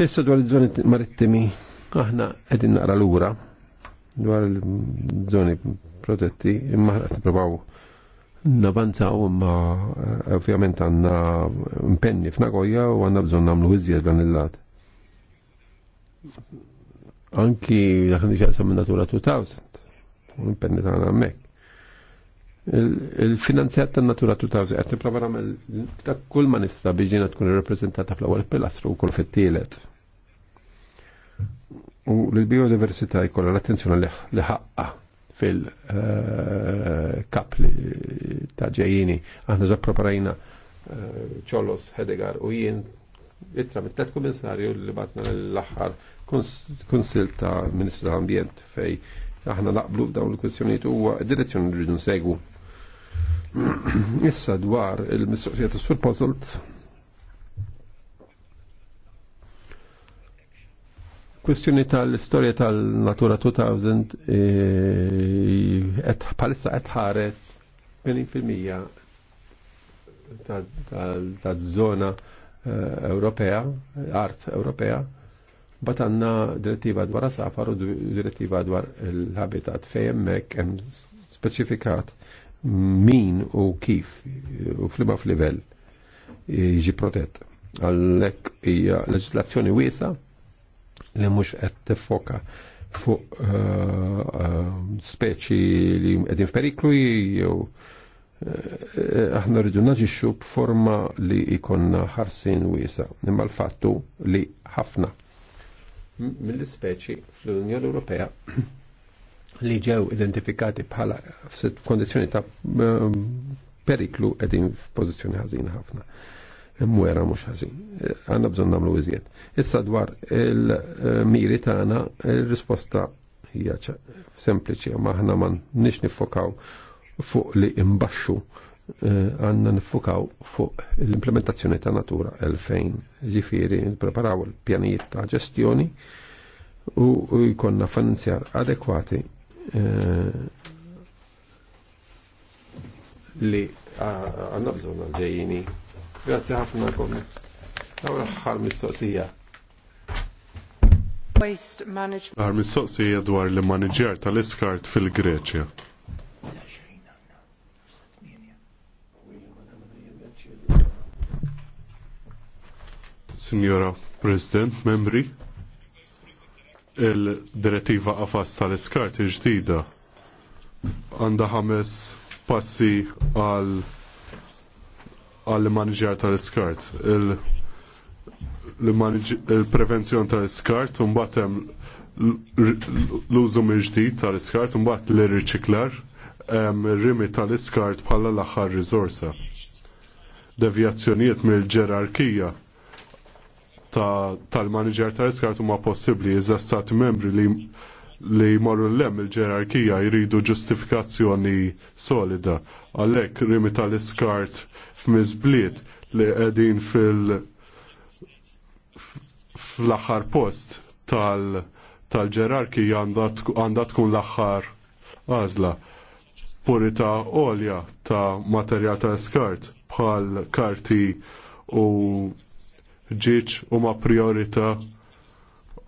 Issa dwar iż-żoni marittimi aħna qegħdin naqra lura dwar il-żoni protetti imma qed nippruvaw navanzaw ma eh, ovvjament għanna impenni f'Nagoya u għanna bżon namlu iżjed dan il-lat. Anki daħni ġaqsam minn natura 2000, impenni ta' għanna mek. Il-finanzjat ta' natura 2000, għet niprofa namel ta' kull ma nista biġina tkun rappresentata fl-ewwel pilastru u kull fit-tielet. U l-biodiversità jkollha l-attenzjoni li ħaqqa fil-kap ta' ġejjini. Aħna ġa preparajna ċollos eh, Hedegar u jien itra mit tlet kummissarju li batna l-aħħar konsil ta' Ministru tal ambjent fej aħna naqblu dawn il-kwestjonijiet huwa direzzjoni li rridu nsegwu. Issa dwar il-mistoqsija tas-sur puzzled Kwestjoni tal-istorja tal-Natura 2000 e, palissa qed ħares filmija tal-żona e, Ewropea, art Ewropea, bat għanna direttiva dwar safar u direttiva dwar l-habitat hemmhekk hemm speċifikat min u kif u flima f'livell jiġi protett. Għallek hija leġislazzjoni wiesa' li mhux qed tiffoka fuq eh, eh, speċi li qegħdin f'periklu jew eh, aħna rridu naġixxu b'forma li jkollna ħarsin wiesa, imma l-fattu li ħafna mill-ispeċi fl-Unjoni Ewropea li ġew identifikati bħala f'kondizzjoni ta' periklu qegħdin f'pożizzjoni ħażin ħafna mwera mux ħazin. Għanna bżon namlu iżjed. Issa dwar il-miri tagħna il-risposta hija sempliċi, ma aħna ma nix nifokaw fuq li imbaxxu eh, għanna nifokaw fuq l-implementazzjoni ta' natura 2000. Ġifieri nippreparaw il-pjanijiet ta' ġestjoni u jkonna finanzjar adekwati eh, li għanna bżon għalġejjini Grazie ħafna kommi. Daw l-ħar mistoqsija. Waste management. Ħar mistoqsija dwar li manager tal-iskart fil-Greċja. Signora President, membri, il-direttiva għafas tal-iskart ġdida għanda ħames passi għal għall-manager tal-iskart. Il-prevenzjon tal-iskart, unbatem l-użu mġdijt tal-iskart, bat l-riċiklar, rimi tal-iskart bħala l-axar rizorsa. Devjazzjoniet mill-ġerarkija tal-manager tal-iskart huma possibbli iżda stati membri li li jmorru l-lem il-ġerarkija jridu ġustifikazzjoni solida. Għalek rimi tal-iskart f'mizbliet li għedin fil- fl-axar post tal-ġerarkija għandat għandha tkun l-axar għazla. Purita olja ta' materjal ta' skart bħal karti u ġiċ u ma' priorita'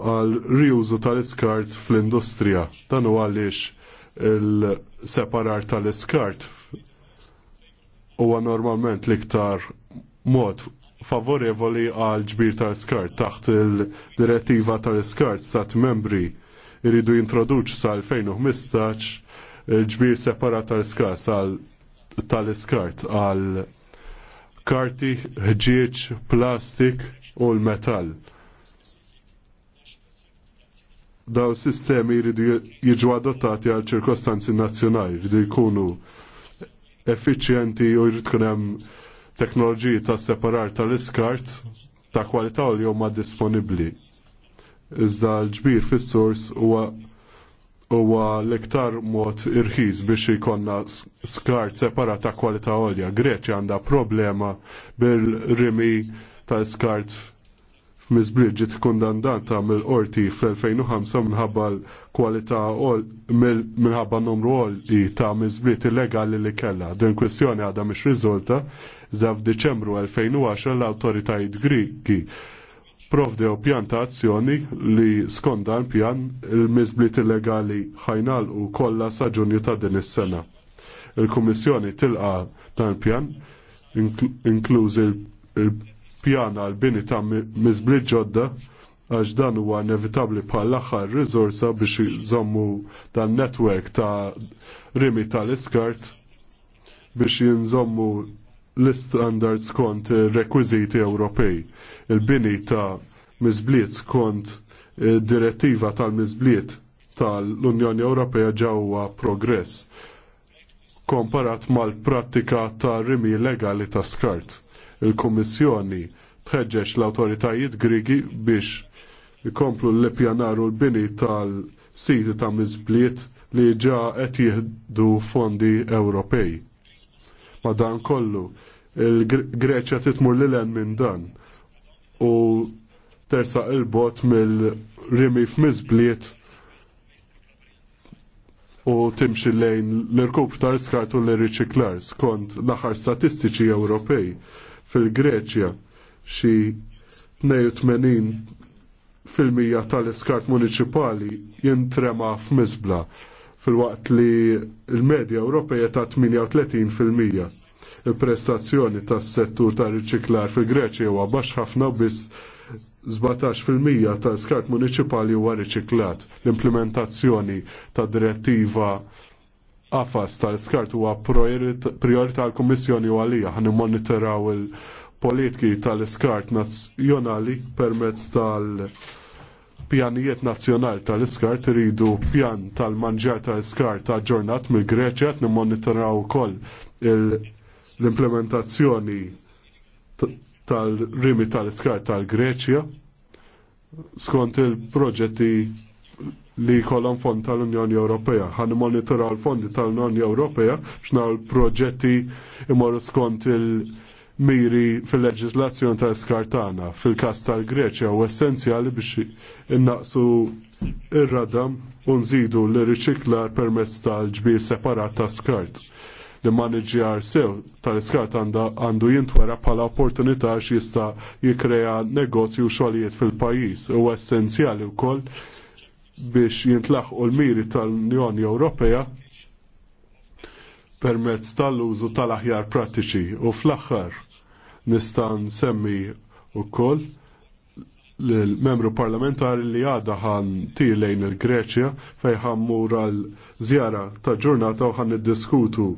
għal riużu tal-iskart fl-industrija. Dan huwa għaliex il-separar tal-iskart huwa normalment l-iktar mod favorevoli għal ġbir tal-iskart taħt il-direttiva tal-iskart stat membri iridu jintroduċ sa' 2015 il-ġbir separat tal-iskart tal-iskart għal karti, ħġieġ, plastik u l-metall daw sistemi jridu jiġu adottati għal ċirkostanzi nazzjonali, jridu jkunu effiċjenti u jrid kunem hemm teknoloġiji ta' separar tal-iskart ta' kwalità li huma disponibbli. Iżda l-ġbir fis-sors huwa huwa l-iktar mod irħis biex ikonna skart separat ta' kwalità għolja. Greċja għandha problema bil-rimi ta' skart Miss Bridget ta' mill-qorti fl-2005 minħabba l-kwalità minħabba numru għolli ta' Miss Bridget illegali li kella. Din kwestjoni għadha mhix riżolta za f'Diċembru 2010 l-awtoritajiet Griki provdew pjan ta' azzjoni li skonda l-pjan il-miżblit illegali ħajnal u kollha sa' ġunju ta' din is-sena. Il-Kummissjoni tilqa dan pjan inkluż il Pjana l-bini ta' miżbli ġodda għax dan huwa inevitabli bħal aħħar rizorsa biex jżommu dan netwerk ta' rimi tal-iskart biex jinżommu l-standards kont rekwiziti Ewropej. Il-bini ta' miżbliet kont direttiva tal-miżbliet tal-Unjoni Ewropea ġewwa progress komparat mal-prattika ta' rimi legali ta' skart Il-Kummissjoni tħeġġeġ l-autoritajiet Grigi biex ikomplu l-pjanar u l-bini tal-siti ta' Mizbliet li ġa qed jieħdu fondi Ewropej. dan kollu, il-Greċja titmur hemm minn dan u tersaq il-bot mill-rimi f'Mizbliet u timxi lejn l irkup tal-skart u l-riċiklar skont l-aħħar statistiċi Ewropej fil-Greċja xi 82% tal-iskart municipali jintrema f'Mizbla fil-waqt li l-medja Ewropeja ta' 38%. fil-Mija. Il-prestazzjoni tas settur ta' riċiklar fil-Greċja huwa baxx ħafna biss 17% ta' skart municipali huwa riċiklat. L-implementazzjoni ta' direttiva Għafas tal-skart huwa priorità l-Kummissjoni u għalija ħan monitoraw il-politiki tal-skart nazzjonali permezz tal- pjanijiet nazzjonali tal skart iridu pjan tal-manġar tal skart ta' mill-Greċja qed nimmonitoraw ukoll l-implementazzjoni tal-rimi tal skart tal-Greċja skont il-proġetti li kolom fond tal-Unjoni Ewropea. Għan monitora l-fondi tal-Unjoni Ewropea x'naw l-proġetti imorru skont il-miri fil-leġislazzjoni ta' skartana. Fil-kas tal-Greċja u essenzjali biex innaqsu ir-radam unżidu l-riċiklar permezz tal-ġbir separat ta' skart li maniġjar sew tal-iskart għandu jintwera bħala opportunità x'jista' jikkrea negozju xogħlijiet fil-pajjiż u essenzjali wkoll biex jintlaħqu l-miri tal-Unjoni Ewropea permezz tal-użu tal-aħjar pratiċi u fl-aħħar nista' nsemmi wkoll l-membru parlamentari li għada ħan lejn il-Greċja fej mura l zjara ta' ġurnata u ħan diskutu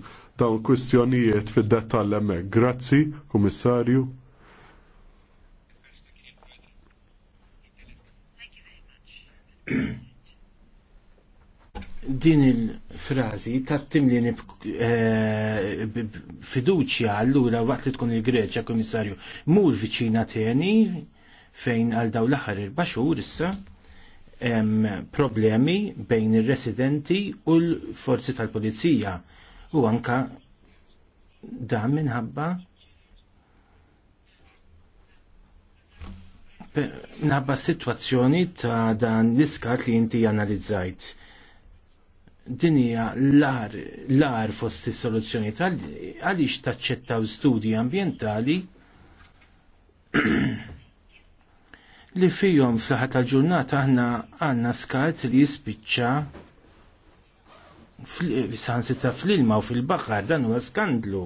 dawn kwistjonijiet fid dettall emmek. Grazzi, komissarju. Thank you very much din il-frazi ta' timlini eh, fiduċja allura waqt li tkun il-Greċja komissarju mur viċina teni fejn għal daw l-aħħar erba' issa problemi bejn ir-residenti u l-forzi tal-pulizija u anka dan minħabba nabba situazzjoni ta' dan l-iskat li inti analizzajt dinija l-ar fost is-soluzzjoni għaliex taċċettaw studji ambientali li fihom fl-ħat tal-ġurnata aħna għandna skart li jispiċċa sansita fl-ilma u fil-baħar dan huwa skandlu.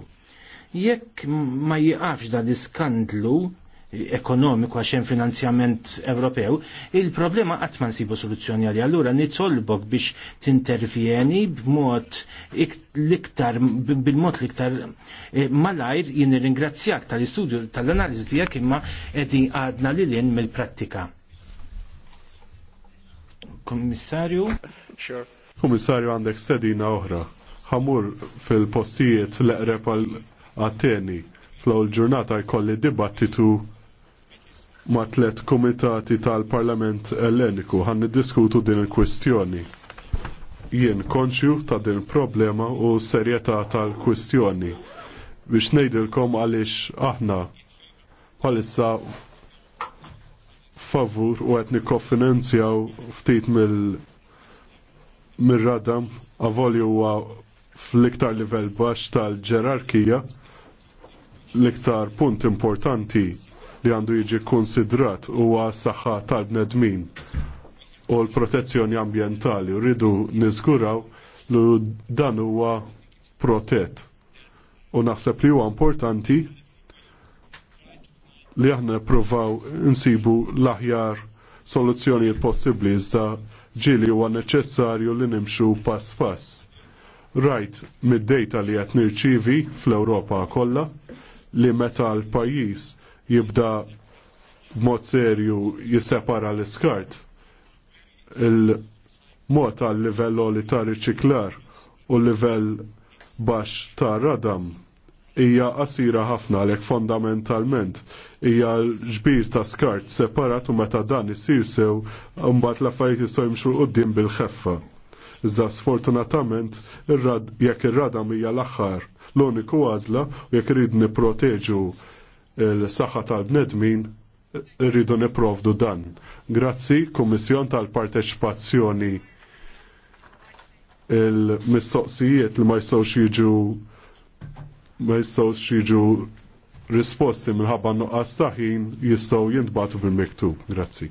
Jekk ma jiqafx dan l-iskandlu, ekonomiku għax hemm finanzjament Ewropew, il-problema qatt ma nsibu soluzzjoni għalli. Allura nitolbok biex tintervjeni b'mod l-iktar bil-mod l-iktar eh, malajr jien ringrazzjak tal-istudju tal-analiżi tiegħek imma qegħdin għadna lilin mill-prattika. Kommissarju? Sure. Kommissarju għandek sedina oħra. Ħamur fil-postijiet l-eqreb għal-Ateni fl-ewwel ġurnata jkolli dibattitu ma' tlet komitati tal-Parlament Elleniku għan diskutu din il-kwistjoni. Jien konċju ta' din il-problema u serjetà tal-kwistjoni biex nejdilkom għaliex aħna bħalissa favur u għet nikkofinanzjaw ftit mill mir-radam għavolju huwa fl-iktar livell baxx tal-ġerarkija l-iktar punt importanti li għandu jiġi konsidrat huwa saħħa tal-bnedmin u l-protezzjoni ambientali. Rridu niżguraw li dan huwa protett. U naħseb li huwa importanti li aħna provaw nsibu l-aħjar soluzzjonijiet possibbli iżda ġili huwa neċessarju li nimxu pass pass rajt mid-dejta li qed nirċivi fl-Ewropa kollha li meta l-pajjiż jibda b'mod serju jissepara l-iskart il-mod għal livell li ta' riċiklar u livell baxx ta' radam hija qasira ħafna għalhekk fondamentalment hija l-ġbir ta' skart separat u meta dan isir sew mbagħad l-affarijiet jistgħu jimxu quddiem bil-ħeffa. Iżda sfortunatament jekk ir-radam hija l-aħħar l-uniku għażla u jekk irid nipproteġu il-saħħa tal-bnedmin rridu niprovdu dan. Grazzi, Kummissjon tal-Parteċipazzjoni il-mistoqsijiet li ma jistgħux jiġu ma jistawx jiġu risposti minħabba nuqqas taħin jistgħu jintbatu bil-miktub. Grazzi.